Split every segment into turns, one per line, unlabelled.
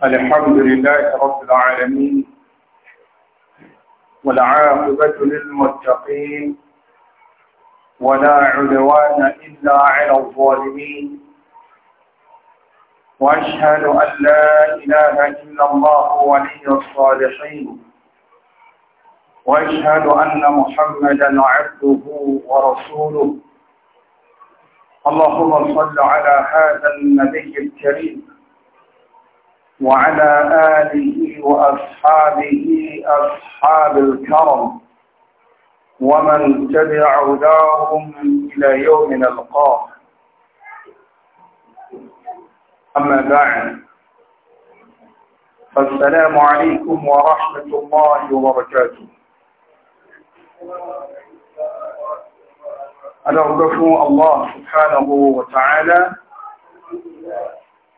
الحمد لله رب العالمين والعاقبة للمتقين
ولا عدوان
إلا على الظالمين وأشهد أن لا إله إلا الله ولي الصالحين وأشهد أن محمدا عبده ورسوله اللهم صل على هذا النبي الكريم وعلى آله وأصحابه أصحاب الكرم ومن تبع هداهم إلى يوم نلقاه أما بعد فالسلام عليكم ورحمة الله وبركاته أنا الله سبحانه وتعالى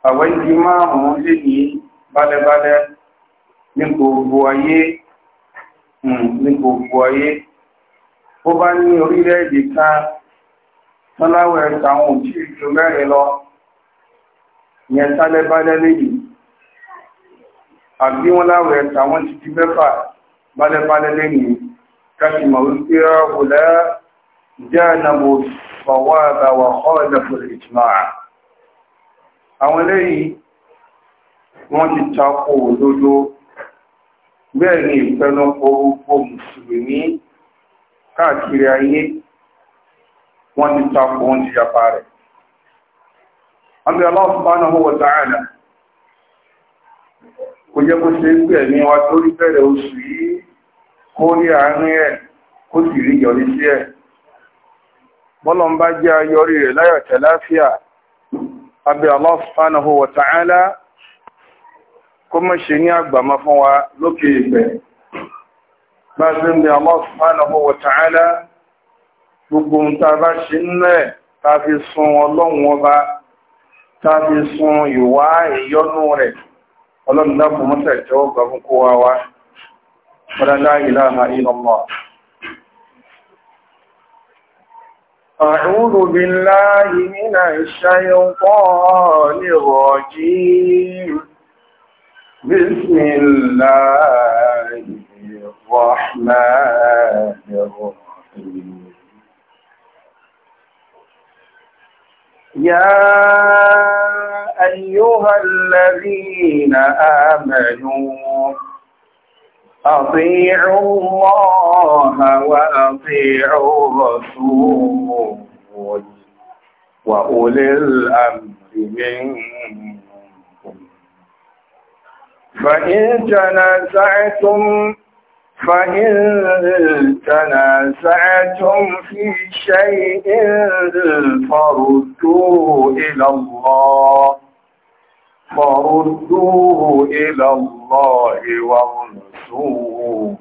àwọn ìdí márùn-ún lè ní bálẹ́bálẹ́ ní gbogbo ayé hmm, ní gbogbo ayé ó bá ní orílẹ̀-èdè kan tọ́láwẹ̀ àwọn òjì ìjọ mẹ́rin lọ yẹn tálẹ́bálẹ́ léyìí àbí wọ́n láwẹ̀ àwọn ti di mẹ́fà bálẹ́bálẹ́ léyìí kásìmọ̀ wípé ọ̀rọ̀ jẹ́ ànàbò àwọn eléyìí wọ́n ti takò òdodo bẹ́ẹ̀ ni ìfẹ́nukò gbogbo mùsùlùmí káàkiri ayé wọ́n ti takò wọ́n ti yapa rẹ̀. Àbí Allah
kò jẹ́ kó ṣe ní wa tó
rí bẹ̀rẹ̀ oṣù yìí kó rí àárín ẹ̀ kó sì rí abẹ́ Allah subhanahu wa ta'ala kó mọ́ ṣe ní àgbàmọ́ fún wa lókè ìgbẹ̀ bá ṣe ń bẹ Allah subhanahu gbogbo ń ta bá ṣe ta fi sun ọlọ́run ọba ta fi sun ìwà ìyọnú rẹ̀ ọlọ́run dákùnmọ́sẹ̀ wa wá. Wọ́n na ilaha أعوذ بالله من الشيطان الرجيم بسم الله الرحمن الرحيم يا أيها الذين آمنوا أطيعوا الله وأطيعوا الرسول وأولي الأمر منكم فإن تنازعتم فإن تنازعتم في شيء فردوا إلى الله فردوه إلى الله
وانسوه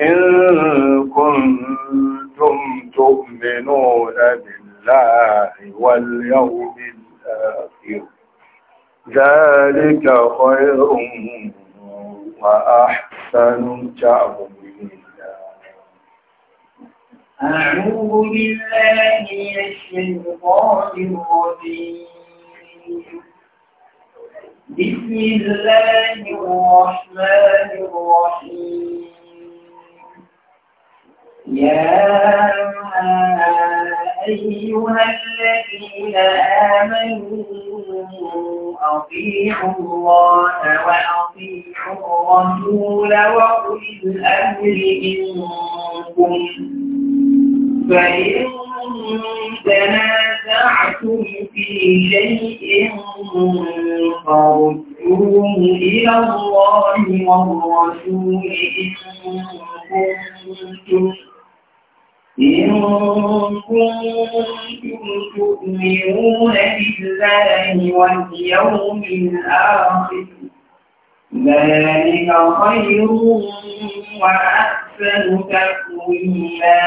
إن كنتم تؤمنون بالله واليوم الآخر ذلك خير وأحسن تأويلا
أعوذ بالله من الشيطان الرجيم بسم الله الرحمن الرحيم يا أيها الذين آمنوا أطيعوا الله وأطيعوا الرسول وأولي الأمر منكم فإن تنازعوا نَزَعْتُمْ فِي شَيْءٍ فَرُدُّوهُ إِلَى اللَّهِ وَالرَّسُولِ إِن كُنتُمْ إن كنتم تؤمنون بالله واليوم الآخر ذلك خير وأحسن تأويلا.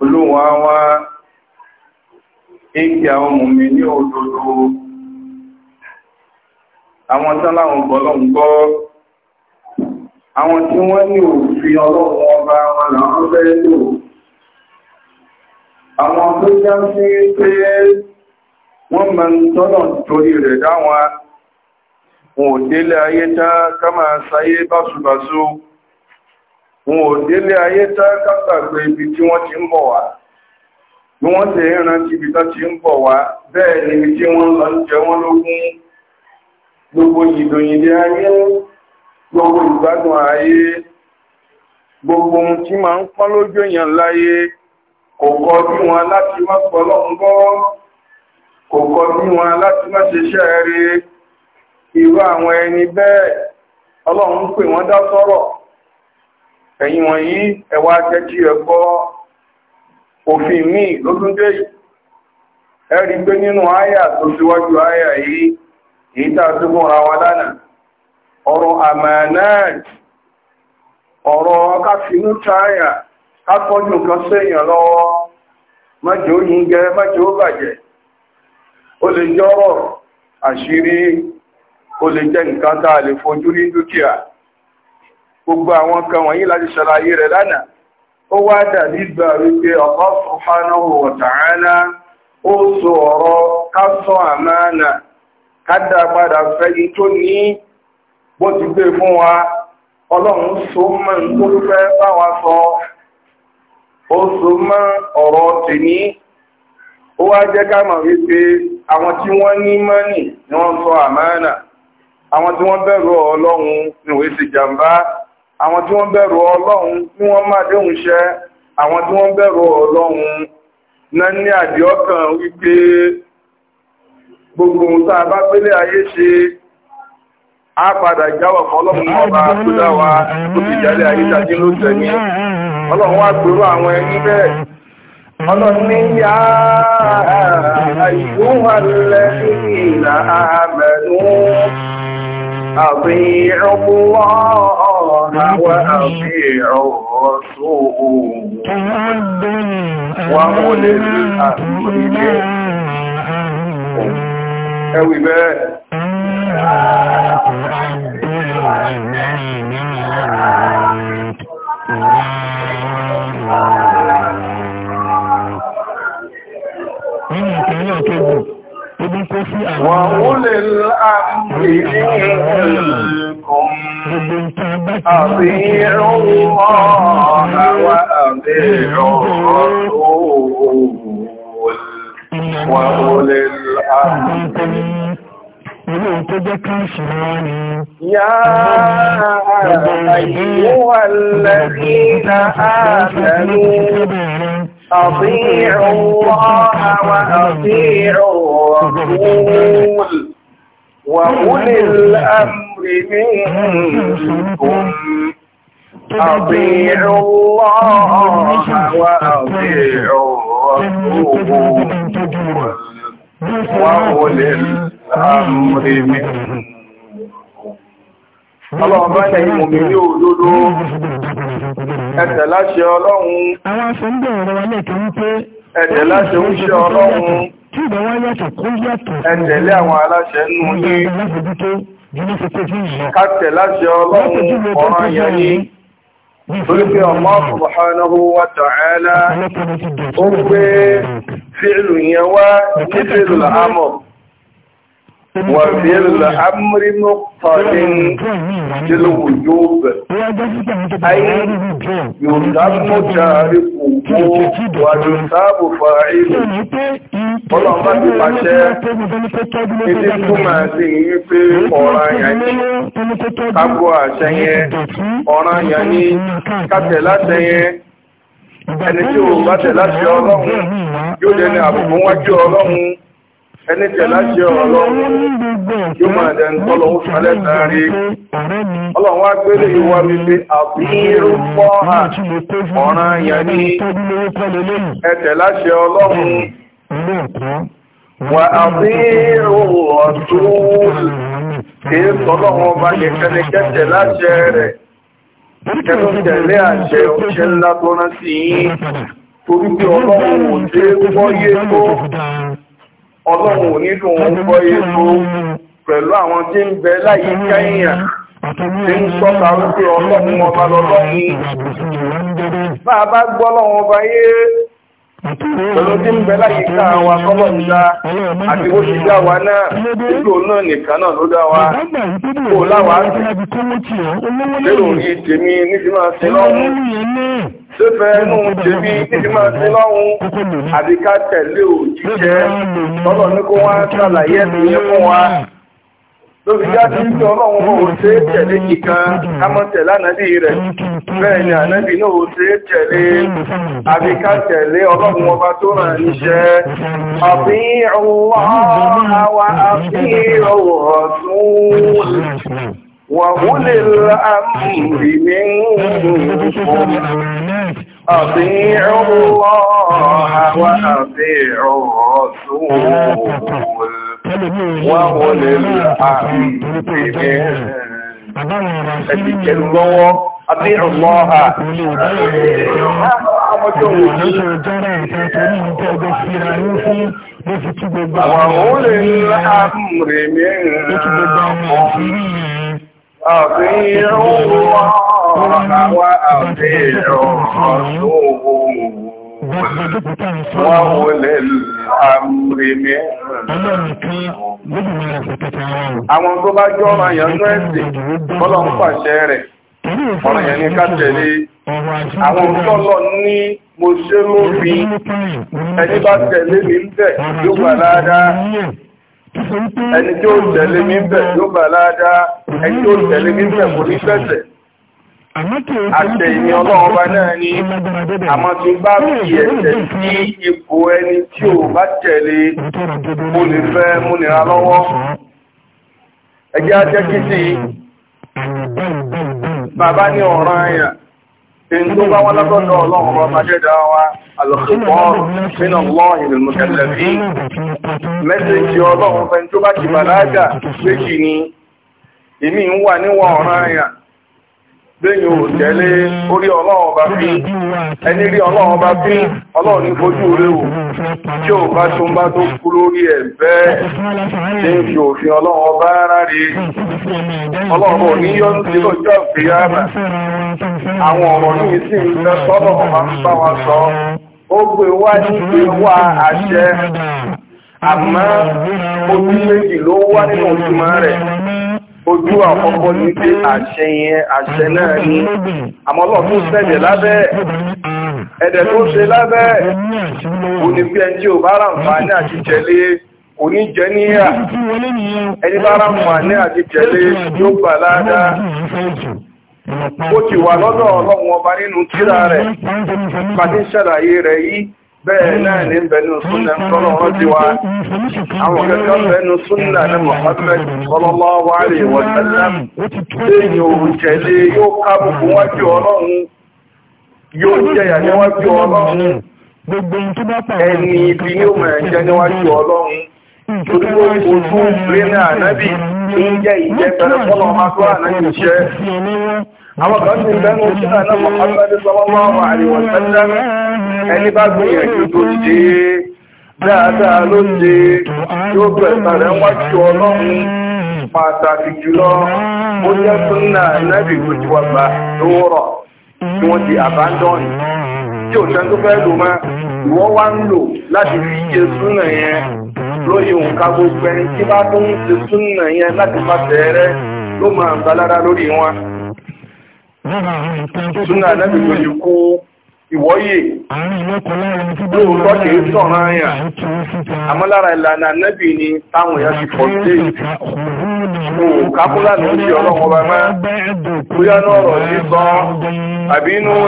Olúwa wá èkì àwọn mùmí ní òdodo àwọn tánláwọn bọ́lọ́n gbọ́ àwọn tí wọ́n ní òfin ọlọ́run ọba wọn làwọn bẹ́ẹ̀ lò àwọn tó já sí pé wọ́n ma ń tọ́nà torí rẹ̀ dáwọn wọn ò délé ayé tá ká sáyé báṣubàṣu wọn ò délé ayé tá ká ibi tí wọ́n ti ń bọ̀ wá bí wọ́n ṣe rántí ibi tó ti ń bọ̀ wá bẹ́ẹ̀ ni tí lọ jẹ wọ́n gbogbo ìdòyìnlẹ̀ ayé gbogbo ìgbádùn ayé gbogbo ohun tí ń lójú èèyàn láyé wọn láti má wọn láti má irú àwọn ẹni bẹ́ẹ̀ ọlọ́run pè wọ́n dá sọ́rọ̀ wọ̀nyí òfin míì ló tún ninu yìí ẹ̀rí pé nínú àyà tó síwájú àyà yìí èyí tàà tó fún àwọn lánà ọ̀rọ̀ àmànáàjì ọ̀rọ̀ káfínú táyà kápọ́jú nǹkan séèyàn lọ́wọ́ májò yíngẹ májò bàjẹ́ ó lè jọ́rọ̀ àṣírí ó lè jẹ́ nǹkan tàà lè fojú rí dúkìá gbogbo àwọn kan wọ̀nyí láti rẹ̀ ó wá dàbí gbà wípé Allah subhanahu wa ta'ala ó sọ ọ̀rọ̀ ká sọ àmánà ká dá padà tó ní bó ti gbé fún wa ọlọ́run so mọ́ tó fẹ́ báwa sọ ó so mọ́ ọ̀rọ̀ tèmi ó wá jẹ́ ká mọ̀ wípé àwọn tí wọ́n ní mọ́nì ni wọ́n sọ àmánà àwọn tí wọ́n bẹ̀rù ọlọ́run ni wọ́n sì jàmbá àwọn tí wọ́n bẹ̀rù ọlọ́run ní wọ́n máa déhùn iṣẹ́ àwọn tí wọ́n bẹ̀rù ọlọ́run na ní àdíọ́kàn wípé gbogbo ohun a ayé ṣe á padà jáwọ̀ ọlọ́run náà bá tó dá tó fi jálẹ̀ ayé jáde ọlọ́run wá gbèrú àwọn ẹni bẹ́ẹ̀
أطيعوا الله وأطيعوا الرسول وأولي الأمر أوي بقى Nínú ìpínlẹ̀ Kébù, kó sí àwọn ọ̀rọ̀ Gbogbo nǹkan bá ti ní ọ̀rọ̀ àwọn àbẹ̀rọ̀ ọ̀rọ̀ Ilé tó jẹ́ káàṣì rán ni. Yá ààrẹ̀ àyíwọ̀ lẹ́gbẹ̀ẹ́ أطيعوا الله وأطيعوا الرسول وأولي الأمر منكم أطيعوا الله وأطيعوا الرسول وأولي الأمر منكم
Ọlọ́run bá ẹ̀yin mú mi ní òdodo.
Ẹ̀tẹ̀ láṣẹ Ọlọ́run. Àwọn afẹ́ńdẹ̀ ọ̀rọ̀ wa lẹ́ẹ̀kẹ́ wípé.
Ẹ̀tẹ̀ láṣẹ oúnjẹ Ọlọ́run. Tí ìgbà wá yàtọ̀ kó yàtọ̀. Ẹ̀tẹ̀lé àwọn aláṣẹ nù ní. Kátẹ̀ láṣẹ Ọlọ́run ọ̀ràn yẹn ni.
Torí pé Allah
subhanahu wa ta'ala ó gbé fíìlù yẹn wá ní fíìlù وفي الأمر مقتض للوجوب أي يذم تاركه ويثاب فاعله Ọlọ́run bá ti pàṣẹ títí túmọ̀ sí yí pé ọ̀ràn yẹn ní kágbó àṣẹ yẹn, ọ̀ràn yẹn ní kátẹ̀ láṣẹ yẹn, ẹni tí ò bá tẹ̀ láṣẹ Ọlọ́run
yóò lẹ́ni àbùkún wájú Ọlọ́run
ẹni tẹ̀lá jẹ́ ọlọ́run
yóò máa dẹ̀ ń tọ́lọ ń falẹ̀ tààrí
ọlọ́run wá gbélé ìwà mi pé àbúrú pọ́ hà ọ̀ràn yẹn ní ẹ̀tẹ̀lá jẹ́ ọlọ́run wà àbúrú ọ̀tún kìí tọ́lọ́run ọba nìkẹ́ni kẹ́tẹ̀ láṣẹ rẹ̀ kẹ́tọ́ tẹ̀lé àṣẹ òṣè ńlá tó rán yín torí pé ọlọ́run ò dé gbọ́yé tó ọlọ́run ò nílò òun gbọ́ èso pẹ̀lú àwọn tí ń bẹ láyé kẹ́yìn tí ń sọ́ta wípé ọlọ́run ọba lọ́lọ́run bá a bá gbọ́ lọ́wọ́ ọba Ọ̀dọ́ tí ń bẹ láyé ká wa kọ́mọ̀ ń dá àti wa náà nílò náà nìkan náà ló dá wa.
Kò láwa lérò rí
tèmi níbi máa ṣe lọ́hùn. Sẹ́fẹ̀ ẹnu tèmi níbi máa ṣe lọ́hùn. Àbíká tẹ̀lé òjíṣẹ́. Ọlọ́run ní kó wá ṣàlàyé yẹn fún wa. lórí jáde ń tí ọlọ́run ó ṣe tẹ̀lé kíkan kámọ́tẹ̀ lánàbí rẹ̀ bẹ́ẹ̀ ni ànábì náà ó ṣe tẹ̀lé àbíká tẹ̀lé ọlọ́run ọba tó rán níṣẹ́ àbíyàwó àwa àbíyàwó ọ̀tún وَأُولِي الْأَمْرِ مِنْكُمْ
أَطِيعُوا اللَّهَ وَأَطِيعُوا الرَّسُولَ wọ́n wọ́n lè lè àfi ìpè ẹ̀dìkẹ̀lú
lọ́wọ́ àti ọlọ́ha.
Àwọn olè ńlá àmúrè mìíràn. Àfihàn wọ́n wọ́n wá àfihàn ọ̀ṣọ́ Wọ́n wò
lè àmúrí mi. Ọlọ́run kan gbogbo mẹ́rẹ̀ pẹ̀tẹ̀tẹ̀ ara rẹ̀. Àwọn tó bá jọ ọmọ àyàn ní ẹ̀sìn, bọ́lọ̀ ń pàṣẹ rẹ̀. Ọ̀rọ̀ yẹn ni ká tẹ̀lé. Àwọn tọ́lọ̀ ní mo ṣe lóbi. Ẹni bá tẹ̀lé mi ń bẹ̀ yóò gbà dáadáa. Ẹni tí ó tẹ̀lé mi ń bẹ̀ yóò gbà dáadáa. Ẹni tí ó tẹ̀lé mi ń bẹ̀ kò ní fẹ̀sẹ̀.
Àtẹ̀yìn ọlọ́run bá náà
ni, àmọ́ tí bá fi ẹ̀ṣẹ̀ sí ipò ẹni tí ò bá tẹ̀lé mo lè fẹ́ múnira lọ́wọ́. Ẹjẹ́ ajẹ́ kí sí bàbá ní ọ̀ràn àyà, èyí tó bá wọ́n lọ́gọ́dọ̀ ọlọ́run bá bá jẹ́dá wa, àlọ́sọ̀pọ̀ lẹ́yìn òtẹ́lé orí ọlọ́run bá fi
ẹni rí ọlọ́run bá fi
ọlọ́run ní fojú léwò tí ò bá tó ń bá tó kú lórí ẹ̀fẹ́ tí ń fi òfin ọlọ́run bá ráre ọlọ́run ò ní yọ́nú sí lọ́jọ́ ìgbéyàmà àwọn ọ̀rọ̀ ní sí ìfẹ́ sọ́dọ̀ máa ń bá wa sọ ó gbé wá ní pé wá àṣẹ àmọ́ ojú méjì ló wá nínú ojúmọ́ rẹ̀ ojú àkọ́kọ́ ní pé àṣẹ yẹn àṣẹ náà ní àmọ́ ọlọ́run tó sẹ́lẹ̀ lábẹ́ ẹ̀dẹ̀ tó ṣe lábẹ́ òní pé ẹni tí ò bá ráǹfààní àti jẹ́lé òní jẹ́ níyà
ẹni bá ráǹfààní àti jẹ́lé yóò gbà ládàá ó ti wà lọ́dọ̀ ọlọ́run
ọba nínú tírà rẹ̀ pàdé ṣàlàyé rẹ̀ yìí bẹ́ẹ̀ náà ní bẹnu súnà tọ́lọ̀ wọ́n ti wá àwọn kẹta bẹnu súnà ní Muhammad sallallahu alaihi wa sallam lẹ́yìn òrùjẹ̀lé yóò kábùkù wájú ọlọ́run yóò jẹyà níwájú ọlọ́run ẹni ibi ni ó mọ̀ ẹ̀jẹ̀ níwájú ọlọ́run Gbogbo ojú lé ní ànábì ń jẹ́ ìjẹ́ pẹ̀lú fọ́lọ́ ọmọ tó ànábì jẹ́ àwọn kan ti bẹ́nu síta náà Muhammad sallallahu alaihi wa sallam ẹni bá gbìyànjú tó ṣe dáadáa ló ṣe yóò bẹ̀rẹ̀ rẹ̀ wájú ọlọ́run pàtàkì jùlọ ó jẹ́ súnà nẹ́bì tó ti wà bá lóòrọ̀ tí wọ́n ti abandon tí ò tẹ́ fẹ́ lò mọ́ ìwọ́ wá ń lò láti fi ṣe súnà yẹn lóye òǹkà gbogbo ẹni tí bá tó ń ṣe súnà yẹn láti má tẹ̀ẹ́rẹ́ ló máa ń balára lórí wọn. Súnà ìwọ́yè. Lóòótọ́ kìí sọ̀rọ̀ àyà. Àmọ́ ìlànà nẹ́bí ni táwọn èèyàn ti pọ̀ sí. Òun kápúlà ló ń ọlọ́wọ́ bá
Bóyá náà ọ̀rọ̀ ní
sọ, àbí rìn,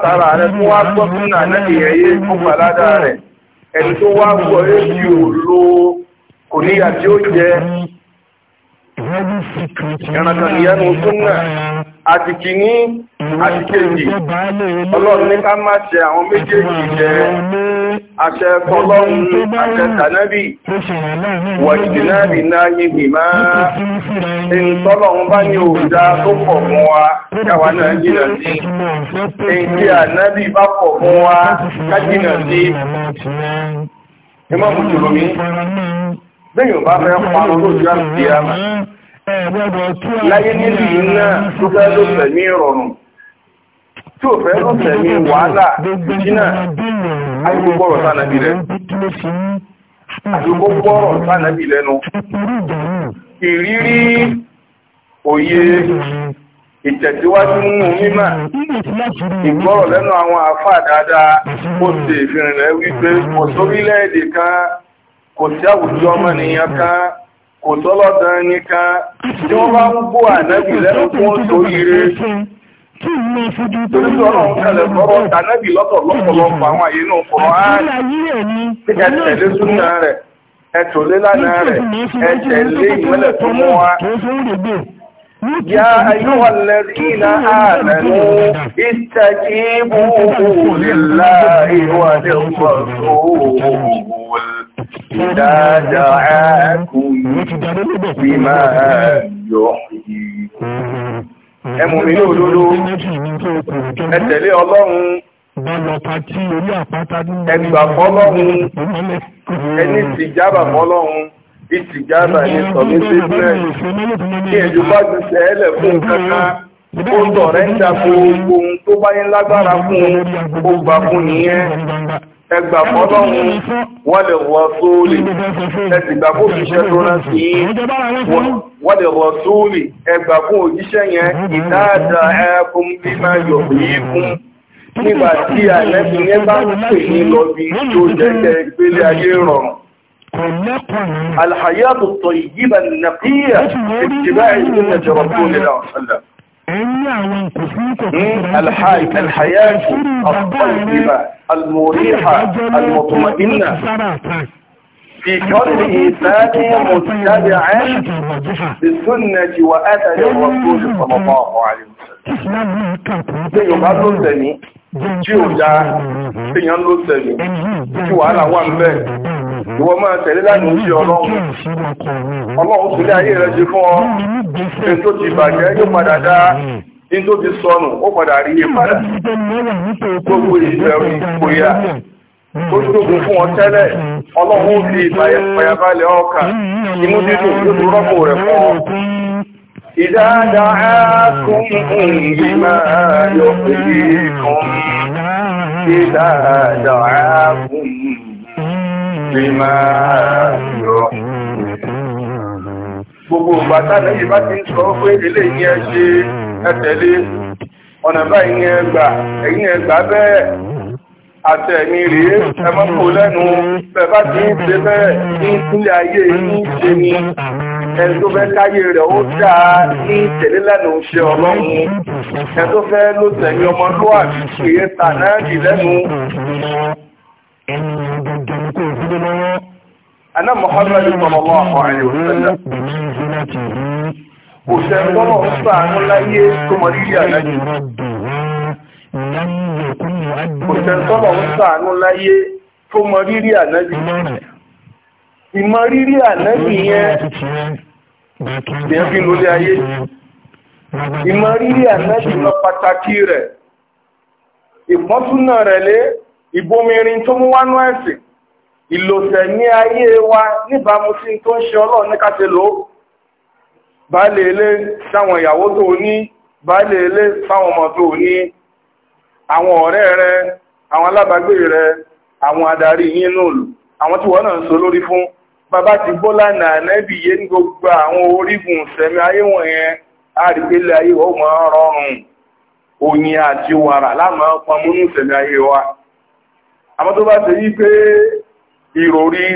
tara rẹ̀ tó wá gbọ́ súnà nẹ́bí yẹn yé fún Ẹni tó wá gbọ́ yé ò ẹranko ìyẹnu súnmọ́ àti kìíní àti kejì ọlọ́run ní ká má ṣe àwọn méjèèjì jẹ àṣẹ tọlọ́run àṣẹ tànábì wọ̀nyínáàbì náà yìí máa ń tọ́lọ́run bá ní òòdá tó pọ̀ fún wa káwa náà jìnà sí èyí ànábì bá pọ̀ fún wa ká jìnà sí
ẹ má mú jùlọ mi
lẹ́yìn ò bá fẹ́ parun lójú àti àmà láyé nílì yìí náà tó fẹ́ ló tẹ̀mí ìrọ̀rùn tí ò fẹ́ ló tẹ̀mí wàhálà jìnnà àyíkó gbọ́rọ̀ sánàbí rẹ̀ àyíkó gbọ́rọ̀ sánàbí lẹ́nu ìrírí òye ìtẹ̀síwájú nínú mímọ̀ ìgbọ́rọ̀ lẹ́nu àwọn àfà dáadáa ó ti ìfìrìnlẹ̀ wípé kò sórílẹ̀-èdè kan kò sí àwùjọ ọmọnìyàn kan kò tọ́lọ́dọ̀ nìkan tí wọ́n bá ń bó ànábì lẹ́nu fún oṣù ire torí ọlọ́run tẹ̀lẹ̀ sọ́rọ̀ ànábì lọ́tọ̀ lọ́pọ̀lọpọ̀ àwọn àyè náà fọ̀rọ̀
áàrùn
tí ẹ tẹ̀lé súnà rẹ̀ ẹ tòlé lánàá rẹ̀ ẹ tẹ̀lé ìmọ́lẹ̀ tó mọ́ wa يا أيها الذين آمنوا استجيبوا لله
وللرسول
إذا
دعاكم بما يحييكم ẹmù mi ní òdodo
ẹgbà fọlọ́run ẹni tìjábà fọlọ́run ìtìjáàbà ní sọ̀mítí bẹ́ẹ̀ kí ẹ̀jú bá ti ṣẹ̀ẹ́lẹ̀ fún kankan ó tọ̀rẹ́ ń ta gbogbo ohun tó bá ní lágbára fún ó gbà fún nìyẹn ẹgbà fọ́lọ́run wọ́lẹ̀ wọ́ sóòlì ẹgbà fún òjíṣẹ́ tó rán sí wọ́lẹ̀ wọ́ sóòlì ẹgbà fún òjíṣẹ́ yẹn ìdáadáa ẹkùn bí máa yọ̀ yìí fún nígbà tí àlẹ́bí yẹn bá ń pè ní lọ bí tó jẹ́ jẹ́ ìgbélé ayé rọrùn الحياة الطيبة النقية اتباع سنة رسول الله صلى الله عليه وسلم إيه؟ الحياة الطيبة المريحة المطمئنة في كونه إيثاق متبعا للسنة وأثر الرسول صلى الله عليه وسلم. tí ò ya èèyàn ló tẹ̀lé tí wàhálà wà níbẹ̀ ìwọ máa tẹ̀lé láti ṣe ọlọ́run ọlọ́run tún ayé rẹ ṣe fún ọ ẹni tó ti bàjẹ́ yóò padà dá ní tó ti sọnù ó padà rí iye padà gbogbo ìbẹ̀rù ìgboyà ó tóbi fún ọ tẹ́lẹ̀ ọlọ́run ó fi ìbàyẹ̀ pàyàbálẹ̀ ọkà inú dídùn yóò rọ́pò rẹ̀ fún ọ. إذا دعاكم لما
يحييكم إذا دعاكم
لما يحييكم gbogbo bàtà lẹ́yìn bá ti ń sọ pé ilé yẹn ṣe ẹtẹ̀lé ọ̀nà báyìí yẹn gbà ẹ̀yìn yẹn gbà bẹ́ẹ̀ àtẹ̀mí rèé ẹmọ́kò lẹ́nu bẹ́ẹ̀ bá ti ń ṣe bẹ́ẹ̀ ní ìpínlẹ̀ ayé yìí ṣe ni ẹni tó káyé rẹ̀ ó dáa ní tẹ̀lélẹ́nu ṣe ọlọ́run ẹni tó ló tẹ̀lé ọmọlúwàbí pé é ta náà dì lẹ́nu. Aná Muhammadu sallallahu alaihi wasallam. Kò ṣe tọ́lọ̀ ń sàánú láyé tó mọ̀ nílé àdájú. Kò ṣe tọ́lọ̀ ń sàánú láyé tó mọ rírì Ìmọ̀ rírì ànábì yẹn ìyẹn fi lórí ayé ìmọ̀ rírì pàtàkì rẹ̀ ìpọ́túnà rẹ̀ lé ìbomirin tó mú wánú ẹ̀sìn ìlòsẹ̀ ní ayé wa níbàámu sí tó ń ṣe ọlọ́ọ̀ ní káṣe lò sáwọn ìyàwó tó ní sáwọn ọmọ tó ní àwọn ọ̀rẹ́ rẹ àwọn alábàágbé rẹ àwọn adarí yín àwọn tí wọ́n náà ń so lórí fún bàbá ti bó lánàá ànábì yé ní gbogbo àwọn orígun ìṣẹ̀mí ayé a àrígbélẹ̀ ayé wọ́n mọ̀ rọrùn oyin àti wàrà lámàá pamọ́ ayé wa àmọ́ tó bá ṣe yí pé ìròrí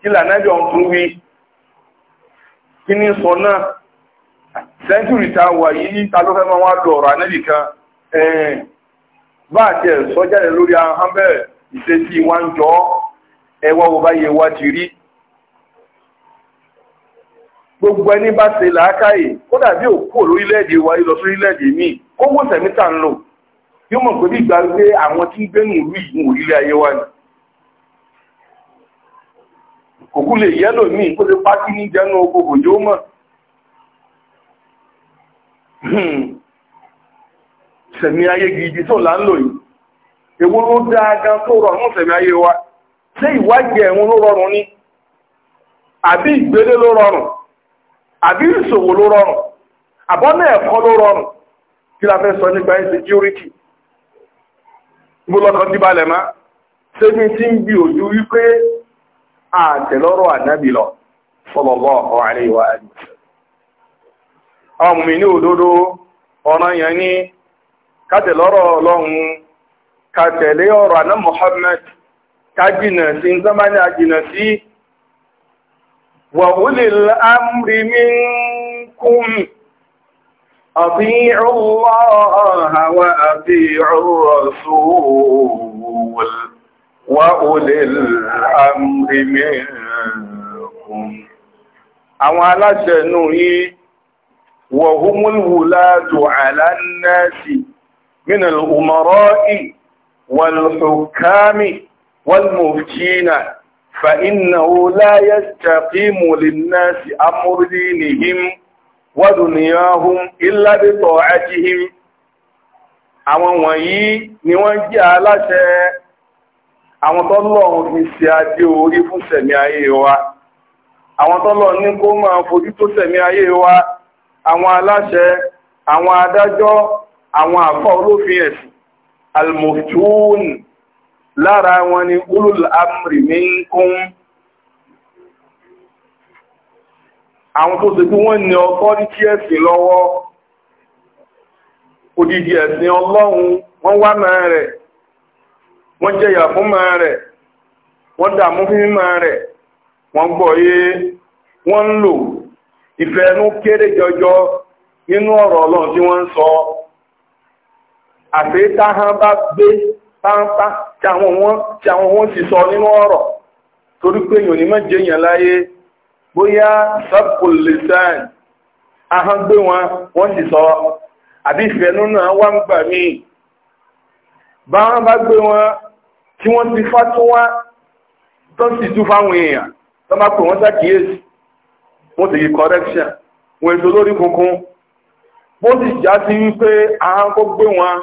kí lànàbì ọ̀hún wí kí ní sọ náà sẹ́ńtúrì ta wà ta ló fẹ́ máa wá kan bá àti ẹ̀ lórí ìṣesí wa ń jọ ti gbogbo ẹni bá se làákàyè kódà bí òkú lórílẹ̀-èdè wa yìí lọ sórílẹ̀-èdè míì kó wọ́n tẹ̀mí tà ń lò yóò mọ̀ pé bí ìgbà pé àwọn tí ń gbé nù rí ìmú orílẹ̀ ayé wa ni òkú lè yẹ́lò míì kó lè pátí ní jẹ́nu oko òjò mọ̀ hmm. sẹ̀mí ayé gidi tó là ń lò yìí èwo ló dáa gan tó rọrùn sẹ̀mí ayé wa ṣé ìwádìí ẹ̀wọ̀n ló rọrùn ni àbí ìgbélé ló rọrùn àbí ló rọrùn àbọ́nà ẹ̀kọ́ ló rọrùn kí la fẹ́ sọ nípa gbọ́lọ́kan tí balẹ̀ má ṣébí tí ń bí ojú wípé àtẹ̀lọ́rọ̀ ànábì lọ sallallahu alaihi wa alihi ọmọ mi ní òdodo ọ̀ràn yẹn ní kátẹ̀lọ́rọ̀ ọlọ́run kátẹ̀lé ọ̀rọ̀ àná وأولي الأمر منكم أطيعوا الله وأطيعوا الرسول وأولي الأمر منكم àwọn aláṣẹ inú yìí wọ̀húnmùl wùlátù alánnáàsì mínal umarọ́ì wàlùkàmì wàlùmùfìnà فإنه لا يستقيم للناس أمر دينهم ودنياهم إلا بطاعتهم àwọn wọ̀nyí ni wọ́n jẹ́ aláṣẹ àwọn tọ́lọ̀ fi ṣe adé orí fún sẹ̀mí ayé wa àwọn tọ́lọ̀ ní kó máa fojú tó sẹ̀mí ayé wa àwọn aláṣẹ àwọn adájọ́ àwọn àfọ́ olófin ẹ̀sìn almoftun lára wọn ni ulul amri minkum àwọn tó ṣe tí wọ́n ní ọkọ́ ní kí ẹ̀sìn lọ́wọ́ òdìdí ẹ̀sìn ọlọ́run wọ́n wá máa rẹ̀ wọ́n jẹyà fún máa rẹ̀ wọ́n dàmú fún máa rẹ̀ wọ́n gbọ́yé jọjọ nínú ọ̀rọ̀ ọlọ́run tí wọ́n sọ àti táhán bá gbé tí àwọn wọn ti sọ nínú ọ̀rọ̀ torí pé yòní má jẹyàn láyé bóyá sápòlìsàn ahọ́n gbé wọn wọ́n ti sọ àbí ìfẹ́nú náà wá ń gbà míì bá wọn bá gbé wọn tí wọ́n ti fá tó wá tó sì tú fáwọn èèyàn tó bá pè wọ́n sàkíyèsí wọ́n ti yí correction wọ́n èso lórí kunkun bó sì já sí wípé ahọ́n wọn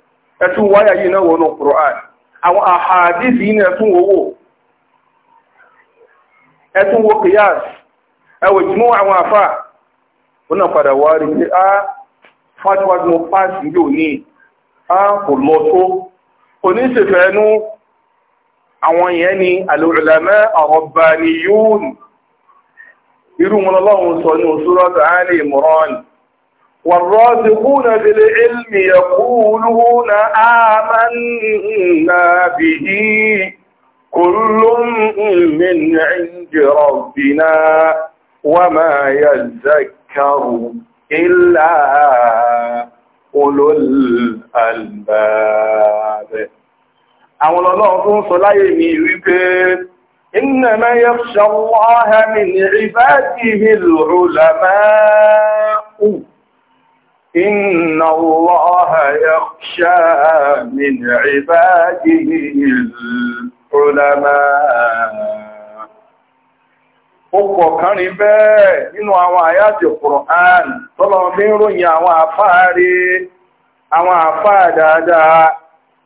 ẹ̀tún wáyà yìí náà wọnú Qur'an àwọn àhàdìsì yìí ẹ̀tún owó ẹ̀tún wo kìyàs ẹwẹ̀ jùmọ́ àwọn àfà ó náà padà wá rí pé a ah, fájúwájú mọ́ páàsì yóò ní a ah, kò lọ tó oníṣẹ́fẹ́ ẹnu àwọn yẹn ni al-ulama ar irú wọn lọ́wọ́ sọ ní Suratu Ali Imran والراسخون بالعلم يقولون آمنا به كل من عند ربنا وما يذكر إلا أولو الألباب أولا نعطون صلايمي ويبين إنما يخشى الله من عباده العلماء إن الله يخشى من عباده العلماء Ọkọ̀ kan bẹ́ẹ̀ nínú àwọn àyájì Kùrán tọ́lọ bí ń ròyìn àwọn àfáà rí, àwọn àfáà dáadáa,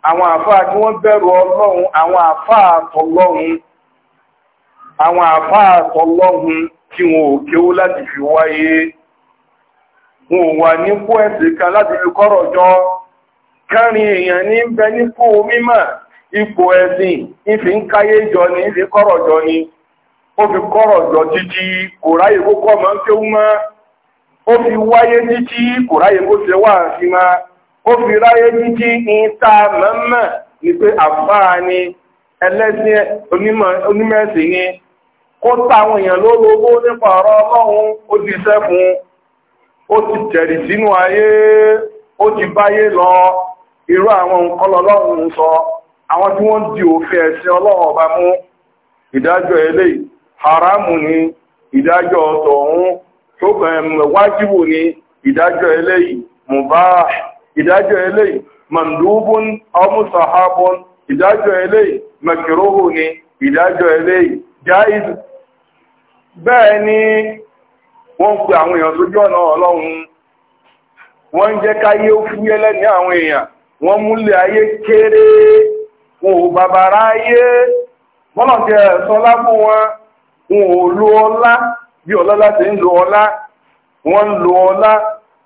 àwọn àfáà tí wọ́n bẹ̀rù Ọlọ́run, àwọn àfáà àwọn fi wáyé. wọn wà nípò ẹ̀sìn kan láti fi kọ́rọ̀ jọ kẹrin èèyàn ní bẹ nípò mímọ̀ ipò ẹ̀sìn ìfi ń káyé jọ ní ìfi kọ́rọ̀ jọ ni ó fi kọ́rọ̀ jọ títí kò ráyè kó kọ́ mọ́ kéwú mọ́ ó fi wáyé títí kò ráyè kó ṣe wà sí mọ́ ó fi ráyé títí ní ta mọ́mọ́ ni pé àfáà ni ẹlẹ́sìn onímẹ̀sìn ni kó táwọn èèyàn lólobó nípa ọ̀rọ̀ ọlọ́run ó ti sẹ́kùn ó ti tẹ̀rì sínú ayé ó ti báyé lọ irú àwọn nǹkan lọ́lọ́run ń sọ àwọn tí wọ́n di òfin ẹ̀sìn ọlọ́run ọba mú ìdájọ́ haramu ni ìdájọ́ tọ̀hún tó wájíbù ni ìdájọ́ eléyìí mubah ìdájọ́ eléyìí mandubun aw ìdájọ́ eléyìí makruhu ni ìdájọ́ eléyìí jaiz bẹ́ẹ̀ ni wọ́n ń pe àwọn èèyàn sójú ọ̀nà ọlọ́run wọ́n jẹ́ káyé ó fúyẹ́ lẹ́ni àwọn èèyàn wọ́n múlẹ̀ ayé kéré wọn ò bàbàrà ayé bọ́lọ̀ tẹ ẹ̀sán lábú wọn wọn ò lo ọlá bí ọlọ́lá ṣe ń lo ọlá wọ́n ń lo ọlá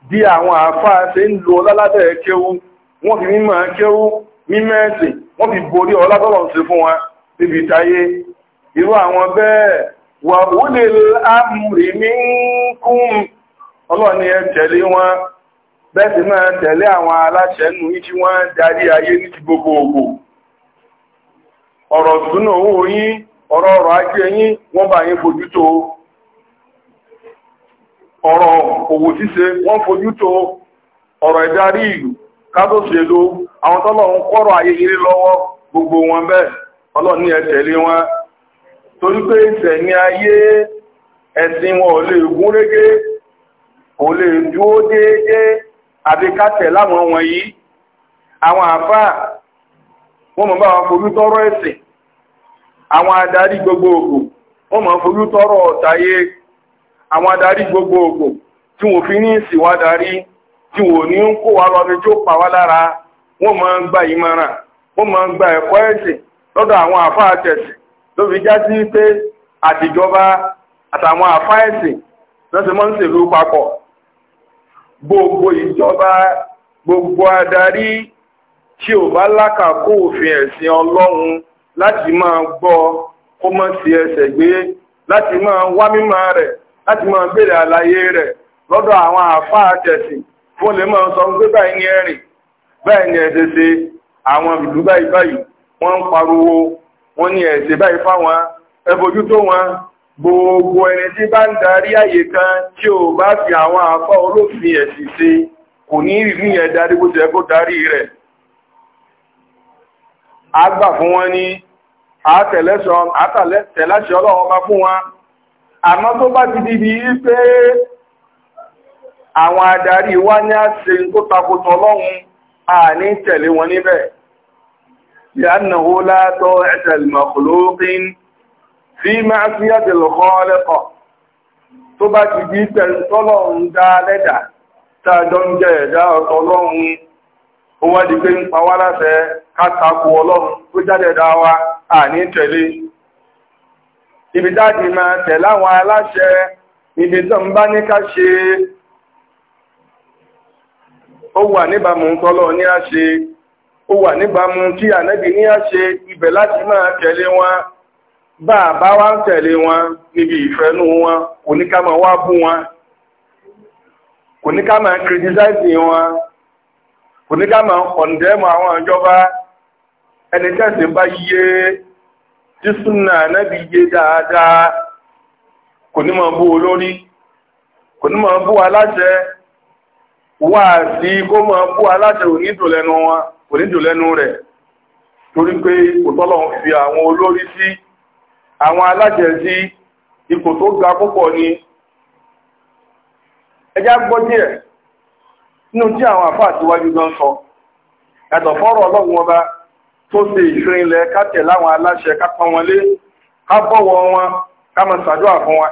bí àwọn àáfàá ṣe ń lo ọlá lábẹ́ kéwú wọ́n fi mímọ̀ kéwú mímọ̀ ẹ̀sìn wọ́n fi borí ọlá tọ́lọ̀ ń ṣe fún wọn níbi ìtayé irú àwọn bẹ́ẹ̀ wà úlè lámùrí minkum ọlọ́ni ẹ tẹ̀lé wọn bẹ́ẹ̀sì máa tẹ̀lé àwọn aláṣẹ nù ìjí wọ́n darí ayé ní ti gbogbo ògbò ọ̀rọ̀ súnà owó yín ọ̀rọ̀ ọ̀rọ̀ ajé yín wọ́n bá yín fojú ọ̀rọ̀ òwò ṣíṣe wọ́n fojú ọ̀rọ̀ ìdarí ìlú kátòṣèlú àwọn tọ́lọ̀ ń kọ́rọ̀ ayé yìí lọ́wọ́ gbogbo wọn bẹ́ẹ̀ ọlọ́ni ẹ tẹ̀lé wọn torí pé ní ayé ẹ̀sìn wọn ò lè gún régé lè dúó déédé àbíkátẹ̀ láwọn wọn yìí àwọn àfáà wọ́n mọ̀ bá wọn fojú tọ́rọ ẹ̀sìn àwọn adarí gbogbogbò wọ́n mọ̀ fojú tọ́rọ ọ̀tayé àwọn adarí gbogbogbò tí wọ́n fi ní tí wọ́n ní ń kó wa lọ bí gba ìmọ̀ràn wọ́n mọ̀ gba ẹ̀kọ́ ẹ̀sìn lọ́dọ̀ àwọn ló fi já sí pé àtijọba àtàwọn àfáìsì lọ́sẹ̀ mọ́ ń ṣèlú papọ̀ gbogbo ìjọba gbogbo adarí tí ò bá lákàkó òfin ẹ̀sìn ọlọ́run láti máa gbọ́ kó mọ́ sí ẹsẹ̀ gbé láti máa wá mímọ̀ rẹ̀ láti máa béèrè àlàyé rẹ̀ lọ́dọ̀ àwọn àfáà tẹ̀sìn wọ́n lè máa sọ pé báyìí ní ẹ̀rìn báyìí ní ẹ̀ṣẹ̀ṣe àwọn ìlú báyìí báyìí wọ́n ń pariwo wọ́n ní ẹ̀sẹ̀ báyìí fáwọn ẹfojú wọn gbogbo ẹni tí bá ń darí àyè kan tí ò bá fi àwọn àfá olófin ẹ̀sìn ṣe kò ní ìrìn ní ẹ̀dá rí bó ṣe kó darí rẹ̀ a gbà fún wọn ní àtẹ̀lẹ́sẹ̀ ọlọ́wọ́ bá fún wọn àmọ́ tó bá ti dìbì pé àwọn adarí wá ní àṣẹ tó takòtò à ní tẹ̀lé wọn níbẹ̀ لأنه لا طاعة المخلوق في معصية الخالق تبا تجيت الطلون دالدا تاجون جيدا طلون هو دكين فوالا سي كاتاكو ولون وجد داوا آني تلي ibi dáàdì máa tẹ̀lé àwọn aláṣẹ ibi tó ń bá ní ká ṣe ó wà níbàmú tí ànábì ní àṣe ibẹ̀ láti máa tẹ̀lé wọn bá a bá wá ń tẹ̀lé wọn níbi ìfẹ́nú wọn kò ní ká máa wá bú wọn kò ní ká máa kìrìtìsáìsì wọn kò ní ká máa kọ̀ǹdẹ́mù àwọn ìjọba ẹni tẹ́sì bá yé tí súnà yé dáadáa kò ní máa bú olórí kò ní máa bú aláṣẹ wá sí kó máa bú aláṣẹ onídùn lẹ́nu wọn onijolenu re jù lẹ́nu rẹ̀ torí pé kò ń fi àwọn olórí ga púpọ̀ ni ẹjá gbọ́ díẹ̀ nínú tí àwọn àfá àtiwájú gan sọ ẹ̀tọ̀ fọ́rọ̀ ọlọ́run ọba tó ṣe ìṣirinlẹ̀ kátẹ̀ láwọn aláṣẹ kápọ̀ wọn lé ká bọ̀wọ̀ wọn ká mọ̀ ṣàdúrà wa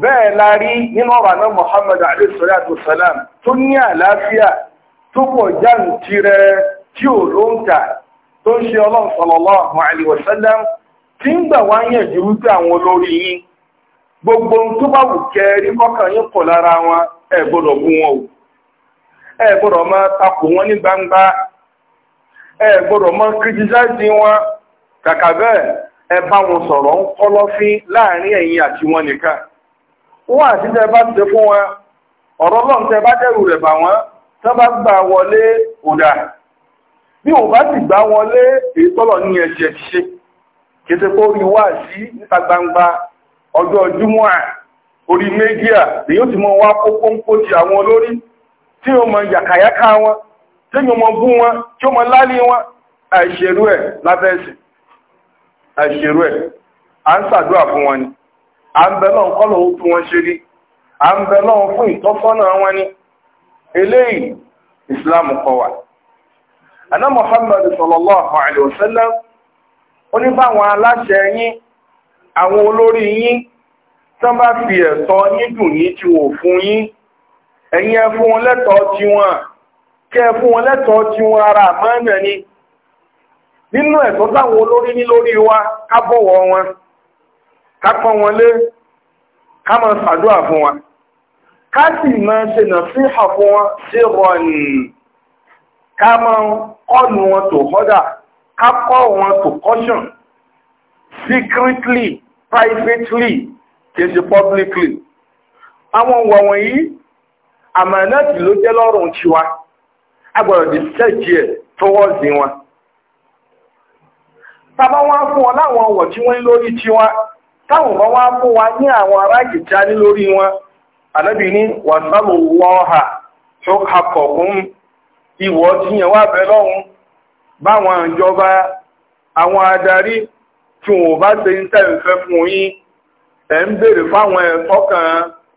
bẹ́ẹ̀ la rí nínú ọ̀rọ̀ àná Muhammad alayhi Tupu pọ̀ jáǹtirẹ tí ò ló ń tó ń ṣe ọlọ́run sallallahu alaihi wasallam tí ń gbà wá wípé àwọn olórí yín gbogbo ohun tó bá wù kẹrí wọn ẹ bú wọn o takò wọn ní gbangba ẹ gbọ́dọ̀ wọn kàkà bẹ́ẹ̀ ẹ bá wọn sọ̀rọ̀ ń láàrin àti wọn nìkan wọn àti tẹ bá fún wọn ọ̀rọ̀ lọ́n tẹ bá rẹ̀ bà wọn. tán bá gbà wọlé òdà bí wọ́n bá sì gbà wọlé èyí tọ́lọ̀ ní ẹ̀ṣẹ̀ ṣe kété kó rí wá sí níta gbangba ọjọ́ júmọ́ à orí méjìà lè yóò ti mọ wá kókó ń kó ti àwọn olórí tí ó mọ yàkàyàkà wọn tí ó mọ bú wọn tí ó mọ lálé wọn àìṣerú ẹ̀ lábẹ́sì àìṣerú ẹ̀ à ń ṣàdúrà fún wọn ni à ń bẹ lọ́n kọ́ lòun fún wọn ṣe rí à ń bẹ lọ́n fún ìtọ́sọ́nà wọn ni eléyìí islam kọwa wa àná muhammad sallallahu alayhi wa sallam ó báwọn aláṣẹ yín àwọn olórí yín tó fi ẹ̀tọ́ yín dùn yín wò fún yín ẹ̀yin fún wọn lẹ́tọ̀ọ́ tí wọn kẹ́ fún wọn wọn ara àmọ́nà ni nínú ẹ̀tọ́ táwọn olórí ní wa ká bọ̀wọ̀ wọn ká wọn lé ká fún wa. káàsì máa ṣe nà sí àfún wọn sí rọ̀nì ká máa kọ́nù wọn tó họ́dà ká kọ́ wọn tó caution secretly privately kìí publicly àwọn ìwà wọ̀nyí àmànáàtì ló jẹ́ lọ́rùn tiwa agbọ̀rọ̀ di sẹ́jì ẹ̀ towards wọn tàbá wọn fún wọn láwọn ọ̀wọ̀ tí wọ́n lórí tiwa táwọn wọn wá fún wa ní àwọn ará ìjà ní lórí wọn ànábì ní wàsálù lọ́ha tó hakọ̀kún ìwọ̀ tíyàn wà bẹ́ lọ́hun báwọn ìjọba àwọn adarí tí wọ́n bá ṣe ń tẹ́ǹfẹ́ fún yín ẹ̀ ń bèèrè fáwọn ẹ̀tọ́ kan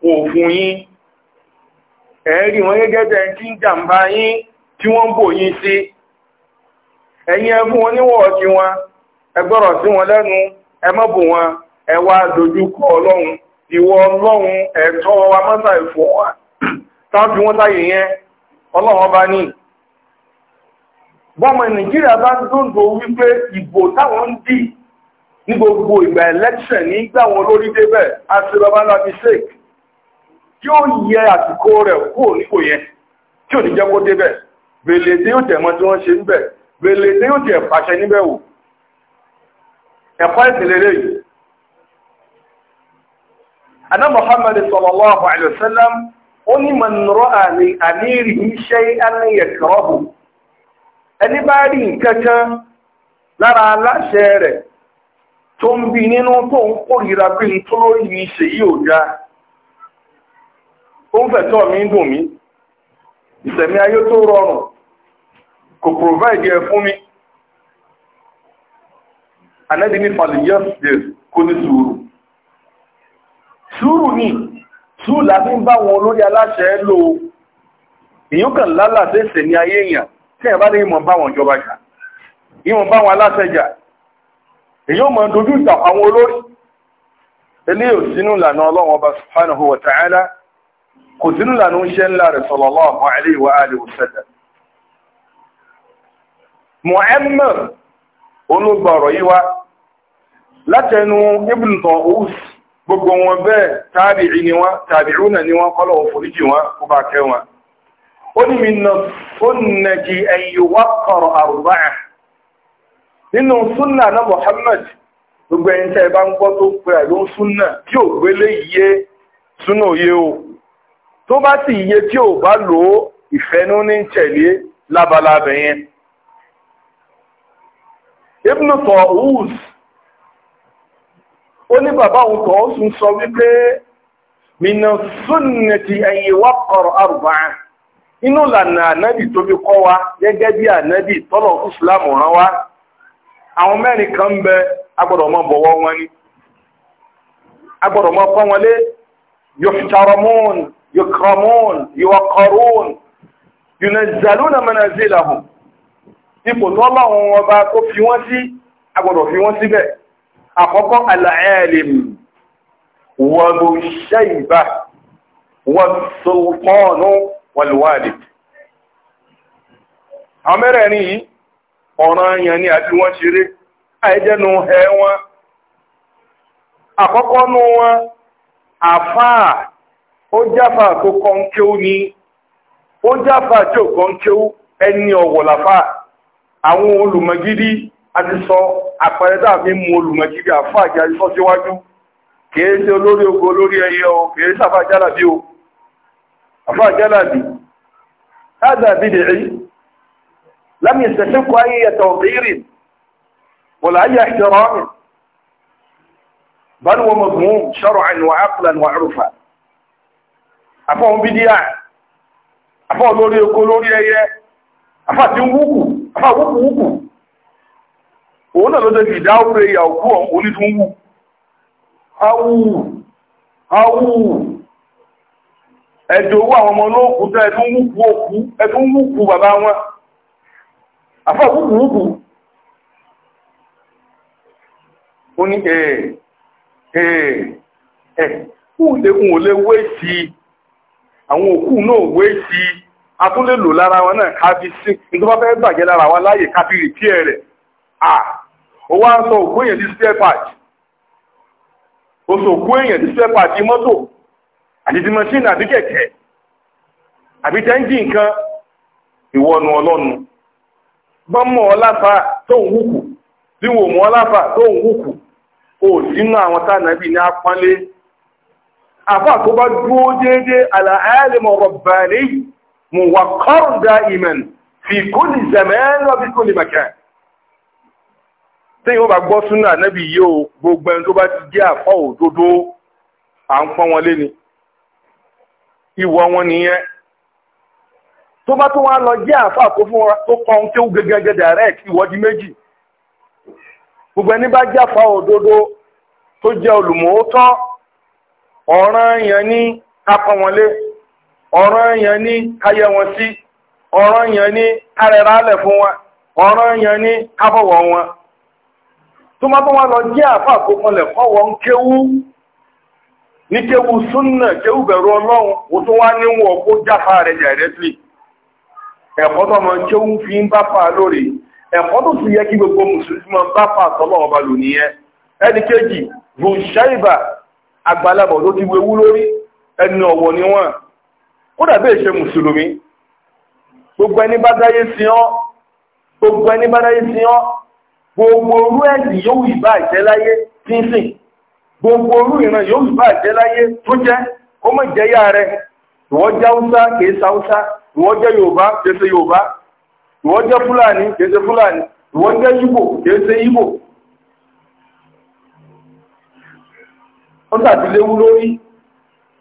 kò fún yín ẹ̀ rí wọn gẹ́gẹ́ bẹ́ tí ń jàǹbá yín tí wọ́n bò yín sí ẹ̀yin ẹ fún wọn níwọ̀ tí wọn ẹ gbọ́rọ̀ sí wọn lẹ́nu ẹ má bò wọn ẹ wá dojú kọ ọlọ́run ìwọ ọlọ́run ẹ̀tọ́ wa mọ́sà ìfọ́ wa táàbí wọ́n láyé yẹn ọlọ́run bá ní bọ́mọ̀ nàìjíríà bá ń dòndò wípé ìbò táwọn ń dì ní gbogbo ìgbà election ní gbà wọn lórí débẹ̀ àti babalá mistake yóò yẹ àsìkò rẹ̀ kúrò nípò yẹn tí ò ní jẹ́ kó débẹ̀ bèlè tí yóò tẹ̀mọ́ tí wọ́n ṣe níbẹ̀ bèlè tí yóò tẹ̀ pàṣẹ níbẹ̀ wò ẹ̀kọ́ ìpìlẹ̀ lẹ́yìn Adam Muhammad sallallahu alaihi wasallam oni man ra'a min amirihi shay'an yakrahu ani ba di kaka la la la shere to nbi ninu to nko rira pe to lo yi se yi oja o fe to mi mi ise mi ayo to rorun ko provide e fun mi anadi ni fall yesterday ko ni turu ni sùúrù láti ń bá wọn olórí aláṣẹ lò èyàn kàn lálà tẹ́sẹ̀ ní ayé èèyàn tí ẹ̀ ní ìmọ̀ bá wọn jọba jà ìmọ̀ bá wọn aláṣẹ jà èyàn mọ̀ dojú ìtà àwọn olórí eléyò sínú ìlànà wa ta'ala kò sínú ìlànà oúnjẹ ńlá rẹ̀ sallallahu alaihi wa alihi gbogbo wọn bẹ́ẹ̀ tábìí ni wọ́n tábìúnà ni wọ́n kọ́lọ̀ òforíjì wọn kó bá kẹ́ wọn ó ní mi nà ó nà jí ẹ̀yí wá kọ̀rọ̀ àrùbáà nínú súnà náà Muhammad gbogbo ẹ̀yin tẹ́ bá ń gbọ́ tó pẹ́ ló súnà tí ò gbélé iye súnà òye o tó bá sì iye tí ò bá lò ó ìfẹ́nú ní tẹ̀lé lábalábẹ̀ yẹn Ibn Tawus ó ní bàbá òun tó ń sùn sọ wípé mina sunnati ẹ̀yìn wá kọ̀rọ̀ àrùbá inú lànà ànábì tó fi kọ́ wa gẹ́gẹ́ bí ànábì tọ́lọ̀ ìsìlámù rán wa àwọn mẹ́rin kan bẹ agbọ́dọ̀ mọ́ bọ̀wọ́ wọn ni agbọ́dọ̀ mọ́ pọ́n wọlé yuhtaramun yukramun yuwakarun yunazaluna manazilahum ipò tọ́lọ̀ wọn bá tó fi wọ́n sí fi àkọ́kọ́ al-alim wal-shayba wal-sultanu wal-walid àmẹ́rẹ̀rin yìí ọ̀ràn èèyàn ni àti wọ́n ṣeré àìjẹ́nu ẹ wọn àkọ́kọ́ nú wọn àfáà ó jáfà tó kọ́nkéú ni ó jáfà tí ò kọ́nkéú ẹni ọ̀wọ̀làfáà àpẹẹrẹ dáàfí mú olùmọ̀kiri àfá àjárí fọ́ síwájú kìí ṣe olórí ogun olórí ẹyẹ o kìí sàfá jálàbí o àfá jálàbí tàbí dìí lámì ìsẹ̀sẹ̀kọ́ ayé ẹ̀tọ̀ òbíìrì wọ̀lá ayé ẹ̀tọ̀rọ̀mì bá ní wọn mọ̀gbùn ṣọ́rọ̀ àìnwà ápùlàn wà rúfà àfá òun bídíà àfá olórí ogun olórí ẹyẹ àfá ti ń wúkù àfá wúkù wúkù òun náà ló jẹ́ ìdá ìyà òkú onítúnwù awúù awúù owó àwọn ọmọ olóòkúta ẹ̀tún bàbá wọn afọ́ wúkúwúkú ó ní ẹ̀ẹ̀ ẹ̀ kúùdékun wé sí àwọn òkú náà wé sí lára wọn náà kábí sí fẹ́ ó wá ń sọ òkú èèyàn di spare part ó sọ òkú èèyàn di spare part mọ́tò àti ti machine àbí kẹ̀kẹ́ àbí tẹ́ńjì nǹkan ìwọ́nu ọlọ́nu gbọ́mọ̀ ọláfà tó ń hùkù bí wò mọ́ ọláfà tó ń hùkù ó sínú àwọn tánàbí ní apánlé àfà tó bá dúó déédé àlàáyàlèmọ̀ rọ̀bàní mùwàkọ́rùn-ún dá ìmẹ̀ fi kó ní zẹ̀mẹ́ lọ́bí kó ní mẹ̀kẹ́ tẹ́yìn ó bá gbọ́ súnà nẹ́bí yìí o gbogbo ẹni tó bá ti jẹ́ àfọ́ òdodo à ń pọ́n wọn lé ni ìwọ wọn nìyẹn tó bá tó wá lọ jẹ́ àfọ́ àkófún wa tó kọ́ ohun tí ó gẹ́gẹ́ direct ìwọ́dí méjì gbogbo ẹni bá jẹ́ àfọ́ òdodo tó jẹ́ olùmọ̀ọ́tọ́ ọ̀ràn èèyàn ní kápọ̀ wọn lé ọ̀ràn èèyàn ní káyẹ wọn sí ọ̀ràn èèyàn ní kárẹ̀rálẹ̀ fún wọn ọ̀ràn èèyàn ní kábọ̀wọ̀ wọn tó máa bọ́ wọn lọ jẹ́ àfà àkókọlẹ̀ kọ́ wọn kéwú ní kéwú súnnà kéwú bẹ̀rù ọlọ́run ó tó wá níwọ̀n kó jáfa rẹ̀ directly ẹ̀kọ́ tó mọ kéwú fi ń bá fà lórí ẹ̀kọ́ tó sì yẹ kí gbogbo mùsùlùmí máa bá fà sọ́lọ́ ọba lò nìyẹn ẹni kejì bùnṣẹ́ìbà àgbàlagbà ló ti wewú lórí ẹni ọ̀wọ̀ ni wọ́n dàbí ìṣe mùsùlùmí gbogbo ẹni bá dáyé sí ọ́ gbogbo ẹni bá dáyé sí ọ́ gbogbo orú ẹ̀yìn yóò ìbá ìjẹ́ láyé tíńsìn gbogbo orú ìran yóò ìbá ìjẹ́ láyé tó jẹ́ ó mọ̀ ìjẹ́yà rẹ̀ ìwọ́n jẹ́ haúsá kìí sáúsá ìwọ́n jẹ́ yorùbá kìí ṣe yorùbá ìwọ́n jẹ́ fúlàní kìí ṣe fúlàní ìwọ́n jẹ́ yíbò kìí ṣe yíbò ó tàbí léwu lórí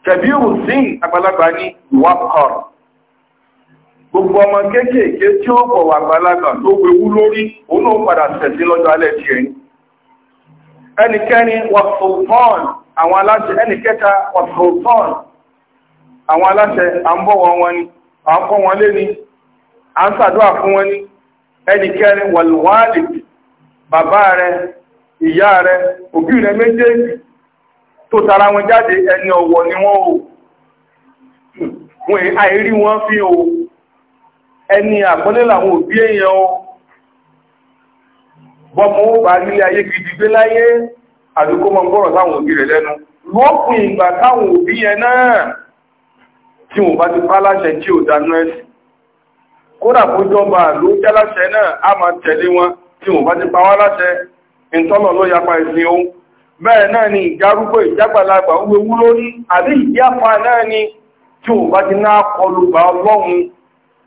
kẹ̀bí rùsìn àgbàlagbà ní ìwà kọ̀ọ̀rọ̀ gbogbo ọmọ kéékèèké tí ó bọ̀ wà gbàlagbà tó wewú lórí òun ó padà tẹ̀sí lọ́jọ́ alẹ́ ti ẹ̀yìn ẹnikẹ́ni wọ̀fọ̀tọ́n àwọn àwọn aláṣẹ wọn ni à ń pọ̀ wọn lé ni à ń ṣàdúrà fún wọn ni ẹnikẹ́ni wọ̀lúwàlì ìyá rẹ òbí rẹ méjèèjì tó tara wọn jáde ẹni ọ̀wọ̀ ni wọ́n o wọn àìrí wọn fi o ẹni àpọ́lé làwọn òbí èèyàn o bọ́mọ ó bá nílé ayé gidi gbé láyé àdúgbò mọ́ gbọ́rọ̀ sáwọn òbí rẹ̀ lẹ́nu lópin ìgbà táwọn òbí yẹn náà tí wọ́n bá ti pa láṣẹ tí ò dánú ẹ̀sì kódà kójọ́ bá ló jẹ́ láṣẹ náà a máa tẹ̀lé wọn tí wọ́n bá ti pa wá láṣẹ ìtọ́lọ̀ ló yapa ìsìn ohun bẹ́ẹ̀ náà ni ìjárúgbó ìjágbàlagbà ó wewú lórí àbí ìyápa náà ni tí wọ́n bá ti náà kọlù bá ọlọ́run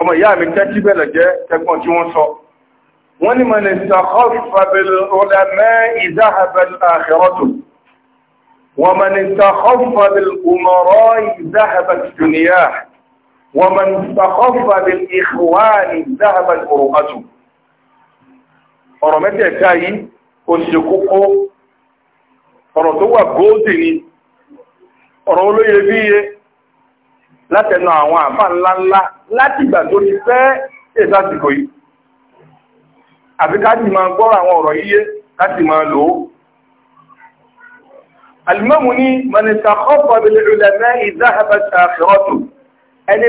ọmọ ìyá mi tẹ́kí bẹ̀lẹ̀ jẹ́ ẹgbọ́n tí wọ́n sọ wọ́n ní mọ̀lẹ̀ ìtàkọ́fàbẹ̀lẹ̀ ọ̀rọ̀ mẹ́tẹ̀ẹ̀ta yìí ó ṣe kókó ọ̀rọ̀ tó wà góòdì ni ọ̀rọ̀ olóyè bí iye látẹnu àwọn àfà ńláńlá láti ìgbà tó ti fẹ́ èsàsìkò yìí àfi káàtì máa gbọ́rọ̀ àwọn ọ̀rọ̀ yíyé káàtì máa lò ó alìmọ́mù ní mọ̀nìtà ọ̀pọ̀ ilẹ̀ ìlẹ̀mẹ́ ìdáhàbàtà àfẹ́rọ́tù ẹni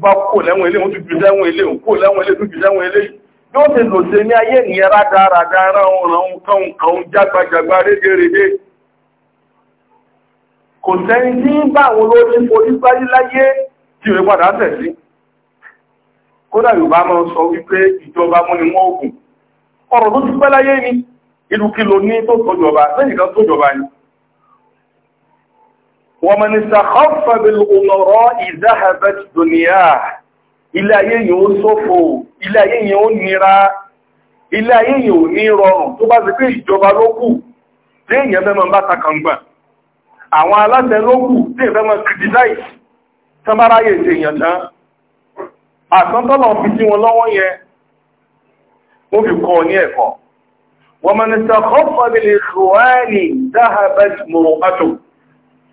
bá kò lẹ́wọ̀n ilé wọn tún gbèsè ẹ̀wọ̀n ilé kò lẹ́wọ̀n ilé tún gbèsè ẹ̀wọ̀n ilé yóò ṣe lò ṣe ní ayé ìyẹn rádaràdà ránran nǹkan nǹkan jágbajàgba rédèrèdè kò sẹ́ni tí ń bá àwọn olórin forí gbáyé láyé tí ìwé padà tẹ̀ sí kódà Yorùbá máa sọ wípé ìjọba mú ni wọ́n ògùn ọ̀rọ̀ tó ti pẹ́ láyé ni ìlú kìlò ní tó tọ́jọba lẹ́yìn kan tọ́jọba ni wọ́n ni sàkọ́fà bílù ọmọrọ̀ ìzáhàbẹ̀t dùnìyà ilé ayé yìí ó ṣòfò ilé ayé yìí ó nira ilé ayé yìí ò ní rọrùn tó bá ti pé ìjọba ló kù tí èyàn fẹ́ mọ́ bá takàngbà àwọn aláṣẹ ló kù tí èyàn fẹ́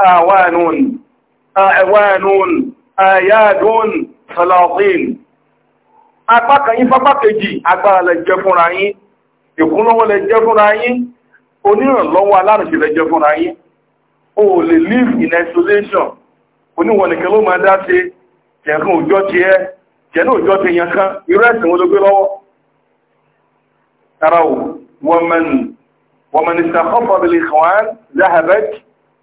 آوان أعوان آياد سلاطين apá kan yín fápá kejì agbára lẹ jẹ fúnra yín ìkúnlọ́wọ́ lẹ jẹ fúnra yín onírànlọ́wọ́ alárùnṣe lẹ jẹ fúnra yín o lè live in isolation oníwọ̀n nìkan ló máa dá ṣe tẹ̀kùn òjò ti ẹ́ tẹ̀nú òjò ti yàn kan irú ẹ̀sìn wọn ló gbé lọ́wọ́ tara o wọ́n mẹ́nu wọ́n mẹ́nu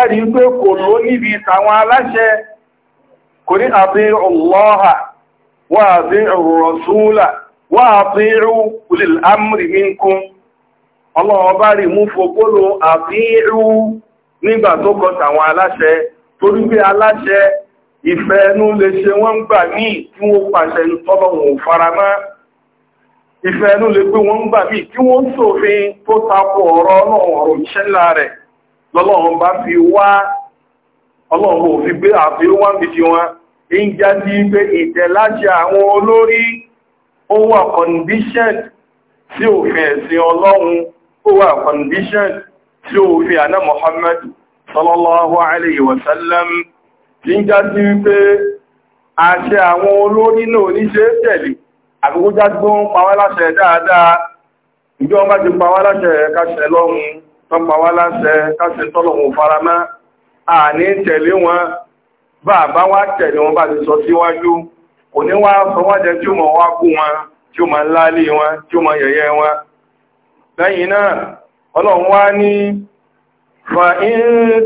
ẹ̀rí pé kò ló níbi tàwọn aláṣẹ kò ní àbíru Allaha wa àbíru Rasula wà àbí ulil amri rí mú àbí àbíru nígbà tó kọ tàwọn aláṣẹ torí pé aláṣẹ lè ṣe wọ́n gbà ní wọ́n pàṣẹ tọ́lọ̀wọ̀n faramá lè gbé wọ́n gbà ní wọ́n lọ́lọ́run bá fi wá ọlọ́run ò fi gbé àfi wá ń bìtì wọn ń já sí pé ìtẹ̀láṣẹ àwọn olórí ó wà condition sí òfin ẹ̀sìn ọlọ́run ó wà condition sí òfin àná Muhammad sallallahu alayhi wa sallam tí ń já sí wípé àṣẹ àwọn olórí náà ní ṣe tẹ̀lé àkókò já gbọ́n pàwọ́ láṣẹ dáadáa ìjọba ti pàwọ́ láṣẹ ẹ̀ka ṣẹ lọ́run tọ́pa wá láṣẹ káṣẹ tọ́lọ̀wọ̀n faramá àní tẹ̀lé wọn bá bá wá tẹ̀lé wọn bá ti sọ síwájú kò ní wá sọ tí ó mọ̀ wá kú wọn tí ó mọ̀ ńláàlì wọn tí ó mọ̀ yẹ̀yẹ́ wọn lẹ́yìn náà ọlọ́run wá ní فَإِن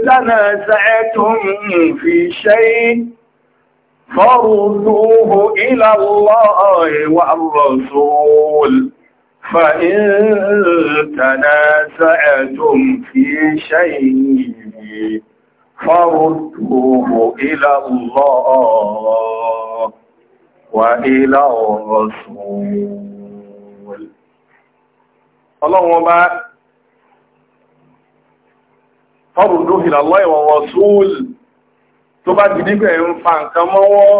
تَنَازَعْتُمْ فِي شَيْءٍ فَرُدُّوهُ إِلَى اللَّهِ وَالرَّسُولِ فإن تنازعتم في شيء فردوه إلى الله وإلى الرسول Ọlọ́run ọba fọ́rùdó ìlàlọ́ ìwọ̀wọ̀ sóòlù tó bá ti dígbẹ̀ ń fa nǹkan mọ́wọ́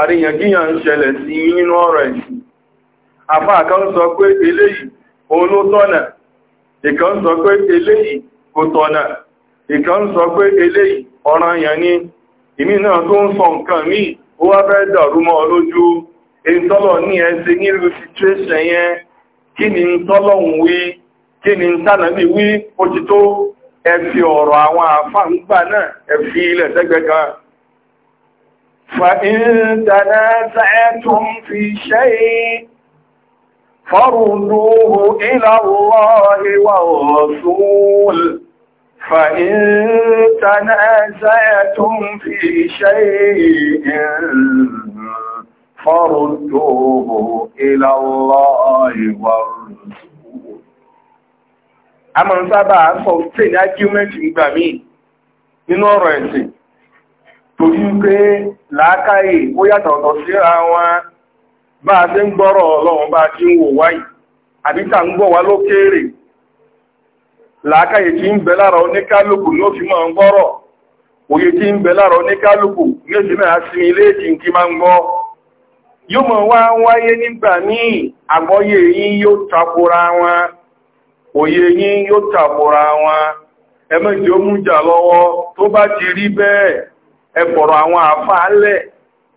àríyànjiyàn ń ṣẹlẹ̀ sí nínú ọ̀rọ̀ ìsìn. àfá kan sọ pé eléyìí òun ló tọ́nà ìkan sọ pé eléyìí kò tọ́nà ìkan sọ pé eléyìí ni ìmí náà tó ń sọ nǹkan míì ó wá fẹ́ dàrú mọ́ ọ lójú èyí ní ẹsẹ̀ nílùú situation yẹn kí ni tọ́lọ̀hún wí kí ni tánàbí wí ó ti tó ẹ fi ọ̀rọ̀ àwọn náà ẹ fi ilẹ̀ sẹ́gbẹ̀ẹ́ kan فإن تنازعتم في شيء فردوه إلى الله والرسول فإن تنازعتم في شيء فردوه إلى الله والرسول a máa ń sábà sọ state argument ìgbà míì nínú ọ̀rọ̀ ẹ̀sìn torí pé làákàyè ó yàtọ̀ ọ̀tọ̀ síra wọn bá a ti ń gbọ́rọ̀ ọlọ́run bá a ti ń wò wáyì àbí tà ń gbọ́ wá lókèèrè làákàyè tí ń bẹ lára oníkálùkù ló fi máa ń gbọ́rọ̀ òye tí ń bẹ lára oníkálùkù méjì náà sinmi léèkì kí máa ń gbọ́ yóò mọ̀ wá wáyé nígbà àgbọ́yé yóò wọn òye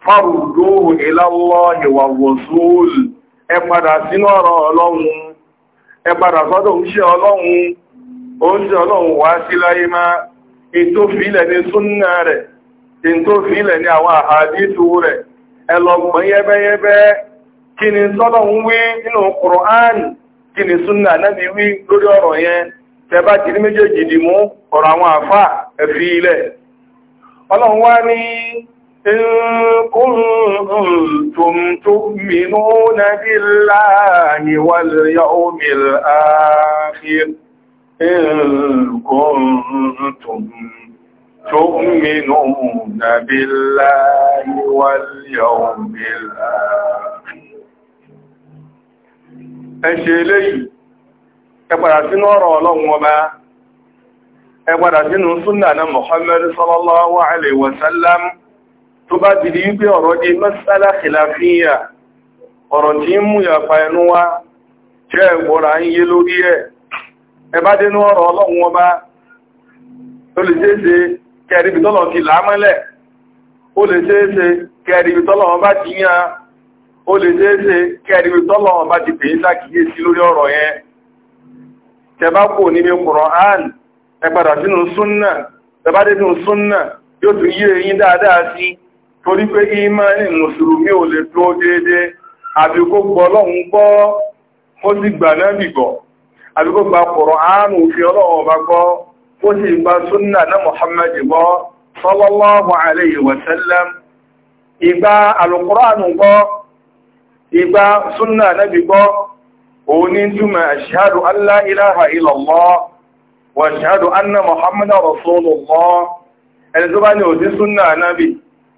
farudúhù ilallahi wa rasul ẹ padà sínú ọ̀rọ̀ ọlọ́run ẹ padà sọ́dọ̀ oúnṣẹ́ ọlọ́run oúnṣẹ́ ọlọ́run wá sí láyé máa ètò fílẹ̀ ní súnnà rẹ̀ ètò fílẹ̀ ní àwọn àhàdìsù rẹ̀ ẹlọgbọ̀n yẹ́bẹ́yẹ́bẹ́ kí ni sọ́lọ́run wi nínú Qur'an wi lori yẹn ti إن كنتم تؤمنون بالله واليوم الآخر إن كنتم تؤمنون بالله واليوم الآخر ẹ̀ṣẹ̀ eléyìí ẹgbàdà sínú ọ̀rọ̀ ọlọ́run ọba ẹgbàdà sínú súnnà náà Muhammad sallallahu alaihi wasallam tó bá dìdí wípé ọ̀rọ̀ di mọ́sálà kìláfíyà ọ̀rọ̀ tí ń mú ìyàfà ẹnu wá jẹ́ ẹ̀gbọ́ra ń yé lórí ẹ̀ ẹbá dénú ọ̀rọ̀ ọlọ́run ọba ó lè ṣeéṣe kẹrìbì tọ́lọ̀ ti lámọ́lẹ̀ ó lè ṣeéṣe kẹrìbì tọ́lọ̀ ọba ti yán ó lè ṣeéṣe kẹrìbì tọ́lọ̀ ọba ti yóò tún yé eyín dáadáa sí torí pé ìmánì mùsùlùmí ò lè dúró déédé àbí gbọ́ ọlọ́run gbọ́ ó sì gbà náà gba Kùránì òfin ọba gbọ́ ó sì gba súnnà náà Muhammad gbọ́ sallallahu alayhi wa ìgbà alùkùránù gbọ́ gbọ́ a an Allah ilaha illallah wa ashhadu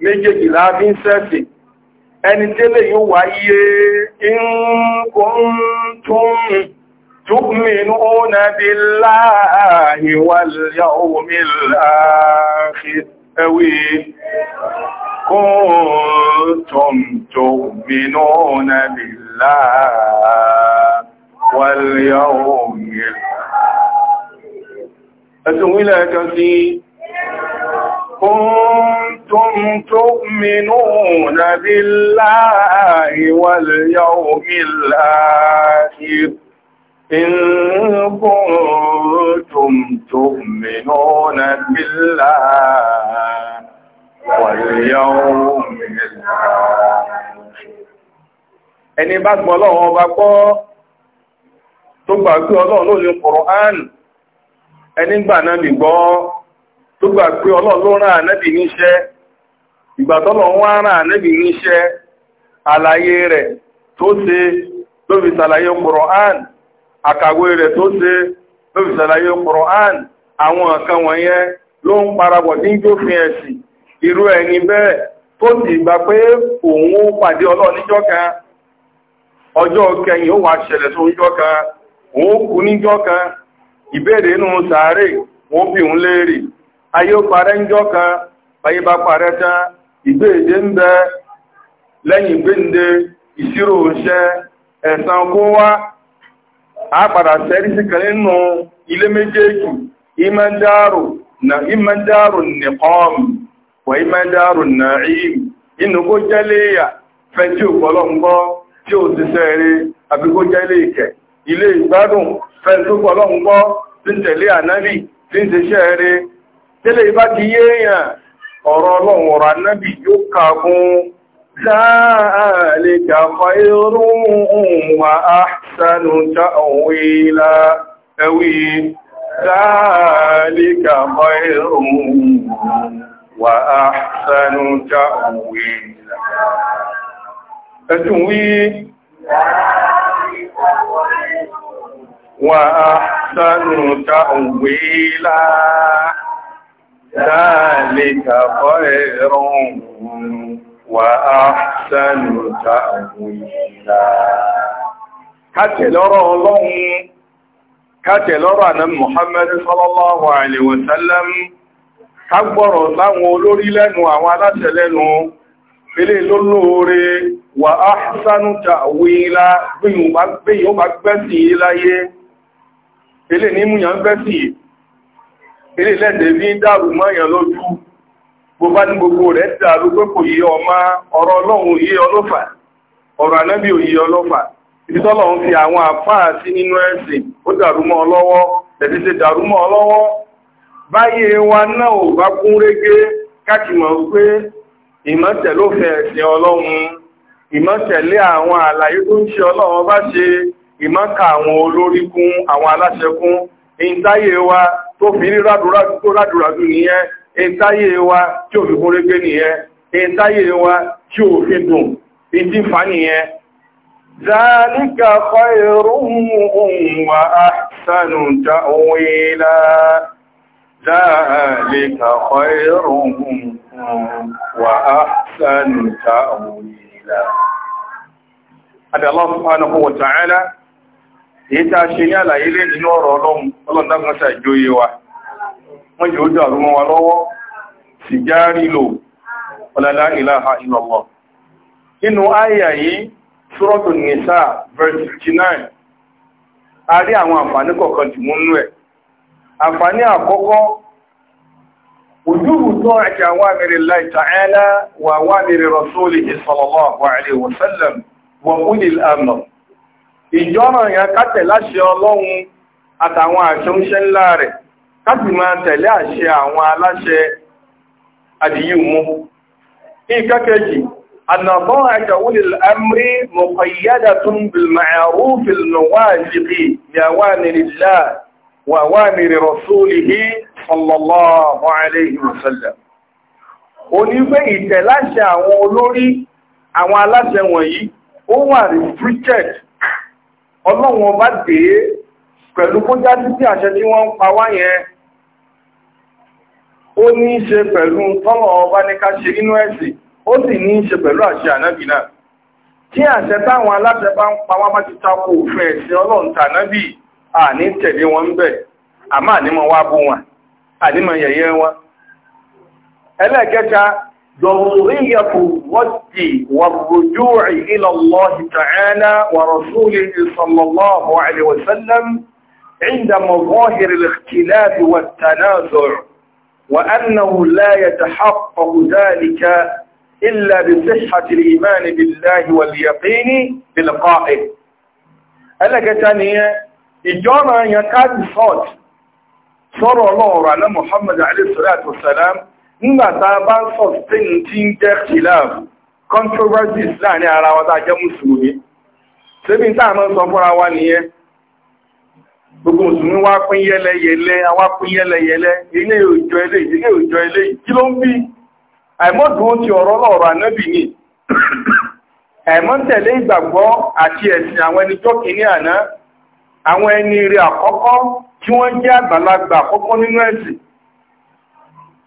méjèèjì láàbí ń sẹ́sì ẹni tẹ́lẹ̀ yóò wáyé ìkùntún tu'minuna billahi wal yawmil akhir ẹwé kuntum tu'minuna billahi wal yawmil akhir ẹ̀sùn wílẹ̀ sí كنتم تؤمنون بالله واليوم الآخر إن كنتم تؤمنون بالله واليوم
الآخر
ẹni bá gbọ́ ọlọ́run ọba gbọ́ tó gbà pé ọlọ́run ló ní Kùránì ẹni gbà náà lè gbọ́ tó gbà pé ọlọ́run ló rán ànẹ́bì níṣẹ́ ìgbà tọ́lọ̀ ànẹ́bì níṣẹ́ àlàyé rẹ̀ tó ṣe ló fi ṣàlàyé Qur'an àkàwé rẹ̀ tó ṣe ló fi ṣàlàyé Qur'an àwọn nǹkan wọ̀nyẹn ló ń parapọ̀ ní jófin ẹ̀sìn irú ẹni bẹ́ẹ̀ tó sì gbà pé òun ó pàdé tó kan òun kú níjọ́ kan ayé parẹ́ njọka kan ayé bá parẹ́ tán ìgbé èdè ń bẹ lẹ́yìn gbéǹde òṣẹ́ kó wá a padà kan nínú ilé méjèèjì na ìmẹ́ndàrò nìkan wà ìmẹ́ndàrò nàíìm inú kó yà fẹ́ tí ò pọ̀lọ́ ń gbọ́ tí ò ti sẹ́rí àbí kó jẹ́lé ìkẹ̀ ilé ìgbádùn fẹ́ ń tẹ́lẹ̀ ìbá ti yé èèyàn ọ̀rọ̀ ọlọ́run ọ̀rọ̀ anábì yóò kà fún láàrẹ̀kà fàírún wà áṣánú ta'wila ẹwí láàrẹ̀kà fàírún wà áṣánú ta'wila ẹ̀tùn wí wà áṣánú ta'wila ذلك خير وأحسن تأويلا kátẹ̀ lọ́rọ̀ ọlọ́run kátẹ̀ lọ́rọ̀ àná Muhammad sallallahu alaihi wasallam kágbọ́rọ̀ láwọn olórí lẹ́nu àwọn aláṣẹ lẹ́nu pẹ̀lẹ̀ lólóore wà áhásánú ta'wila gbẹ̀yìn ó bá gbẹ́sì láyé pẹ̀lẹ̀ ní múyàn gbẹ́sì ilé lẹ́dẹ̀ bí ń mọ́yàn lójú bó ní gbogbo rẹ̀ dàrú pé kò yí ọmọ ọ̀rọ̀ ọlọ́run yí ọlọ́fà ọ̀rọ̀ ànábì ò yí ọlọ́fà ibi tọ́lọ́run fi àwọn àfáà sí nínú ẹ̀sìn ó dàrú mọ́ ọlọ́wọ́ bá kún pé ẹ̀sìn ọlọ́run ìmọ̀tẹ̀lé àwọn àlàyé tó ń ṣe ọlọ́run bá ṣe ìmọ̀ka àwọn olórí kún àwọn aláṣẹ tó fi rí rádùrádù tó rádùrádù nìyẹn ẹ̀ntáyé wa tí ò fi kún régé nìyẹn ẹ̀ntáyé wa tí ò fi dùn ìdí fa nìyẹn zálíkà khayrun wa wa ta'ala èyí tá a ṣe ní àlàyé lé nínú ọ̀rọ̀ ọlọ́run ọlọ́run dágbọ́nsà ìjòyè wa wọ́n jẹ́ ó dàrú mọ́ wa lọ́wọ́ sì já rí lò ọlọ́lá ìlàhà ìlọ̀lọ́ nínú àyà yìí ṣúrọ́tù nìsà verse 59 a rí àwọn àǹfààní kọ̀ọ̀kan tí mú nú ẹ̀ ìjọ́ràn yẹn kátẹ̀ láṣẹ ọlọ́run àtàwọn àṣẹ ṣe ńlá rẹ̀ káti ma tẹ̀lé àṣẹ àwọn aláṣẹ àdìyí mú. ìkẹ́kẹ́jì ànàbọ́ àjàwúlì amri muqayyadatun bil ma'ruf wa rasulihi ó wà restricted ọlọ́run ọba dé pẹ̀lú kó jáde sí àṣẹ tí wọ́n ń pa wá yẹn ó ní í ṣe pẹ̀lú tọ́lọ̀ ọba ní ká ṣe nínú ẹ̀sìn ó sì ní í ṣe pẹ̀lú àṣẹ ànábì náà tí àṣẹ táwọn aláṣẹ bá ń pa wá bá ti tako òfin ẹ̀sìn ọlọ́run tànábì àní tẹ̀lé wọn bẹ̀ àmọ́ ànímọ̀ wá bú wọn ànímọ̀ yẹ̀yẹ́ wọn ẹlẹ́ẹ̀kẹta ضرورية الرد والرجوع إلى الله تعالى ورسوله صلى الله عليه وسلم عند مظاهر الاختلاف والتنازع وأنه لا يتحقق ذلك إلا بصحة الإيمان بالله واليقين بلقائه ألا كتانية yẹn يكاد صوت صلى الله على محمد عليه الصلاة والسلام nígbàtà bá sustain tí ń jẹ́ khilaf controversies láàrin ara wa tá jẹ́ mùsùlùmí sébí tá àmọ́ sọ fúnra wa nìyẹn gbogbo mùsùlùmí wá pín yẹ́lẹ́yẹlẹ́ awá pín yẹ́lẹ́yẹlẹ́ ilé òjò ilé ilé òjò ilé kí ló ń bí àìmọ́dún ti ọ̀rọ̀ lọ́rọ̀ ànábì ni àìmọ́ ìgbàgbọ́ àti ẹ̀sìn àwọn àná àwọn ẹni àkọ́kọ́ tí wọ́n jẹ́ àgbàlagbà àkọ́kọ́ nínú ẹ̀sìn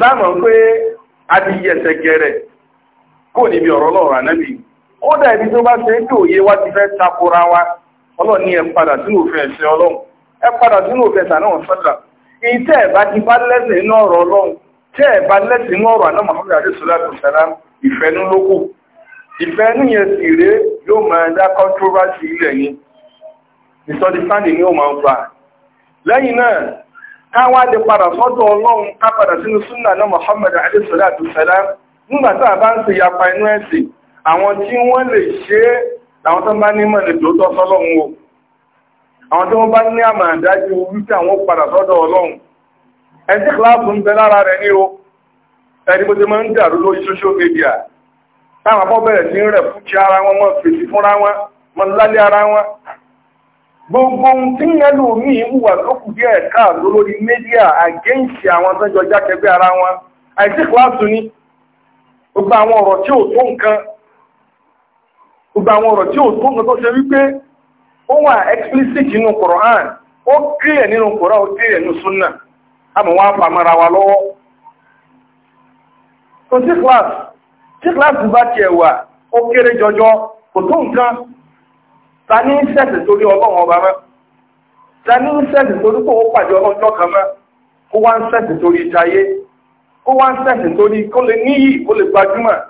sáàmọ̀ pé a ti yẹsẹ̀ gẹ̀rẹ̀ kò níbi ọ̀rọ̀ lọ́rọ̀ ànábì ó dà ibi tó bá ṣe ń tó yé wá ti fẹ́ takora wa ọlọ́run ní ẹ padà sínú òfin ẹ̀sìn ọlọ́run ẹ padà sínú òfin ẹ̀sìn àná ọ̀sọ́dà èyí ti bá lẹ́sìn ló kù ìfẹ́nú náà káwá lè padà sọ́dọ̀ ọlọ́run ká padà sínú súnà náà Muhammad alayhisalatu salam nígbà a bá ń ṣe yapa inú ẹ̀sìn àwọn tí wọ́n lè ṣe é tó bá nímọ̀ lè sọ́lọ́run o àwọn tí bá ní àmà àdájú wípé àwọn padà sọ́dọ̀ ọlọ́run gbogbo tí yẹn lò mí ìwà tó kù díẹ̀ káàdó lórí mẹ́díà àgẹ́ǹsì àwọn tọ́jọ ara wọn àìsí kíláàsù ni gbogbo àwọn ọ̀rọ̀ tí tó nǹkan tó ṣe wípé ó wà explicit nínú Quran ó clear nínú ó nínú àmọ́ jọjọ kò tó nǹkan ta ní sẹ́ẹ̀sì torí ọlọ́run ọba mọ́ ta ní sẹ́ẹ̀sì torí kò pàdé ọlọ́jọ́ kan mọ́ kó wá ń sẹ́ẹ̀sì torí ìtayé kó wá ń sẹ́ẹ̀sì torí kó lè níyì kó lè gbajúmọ̀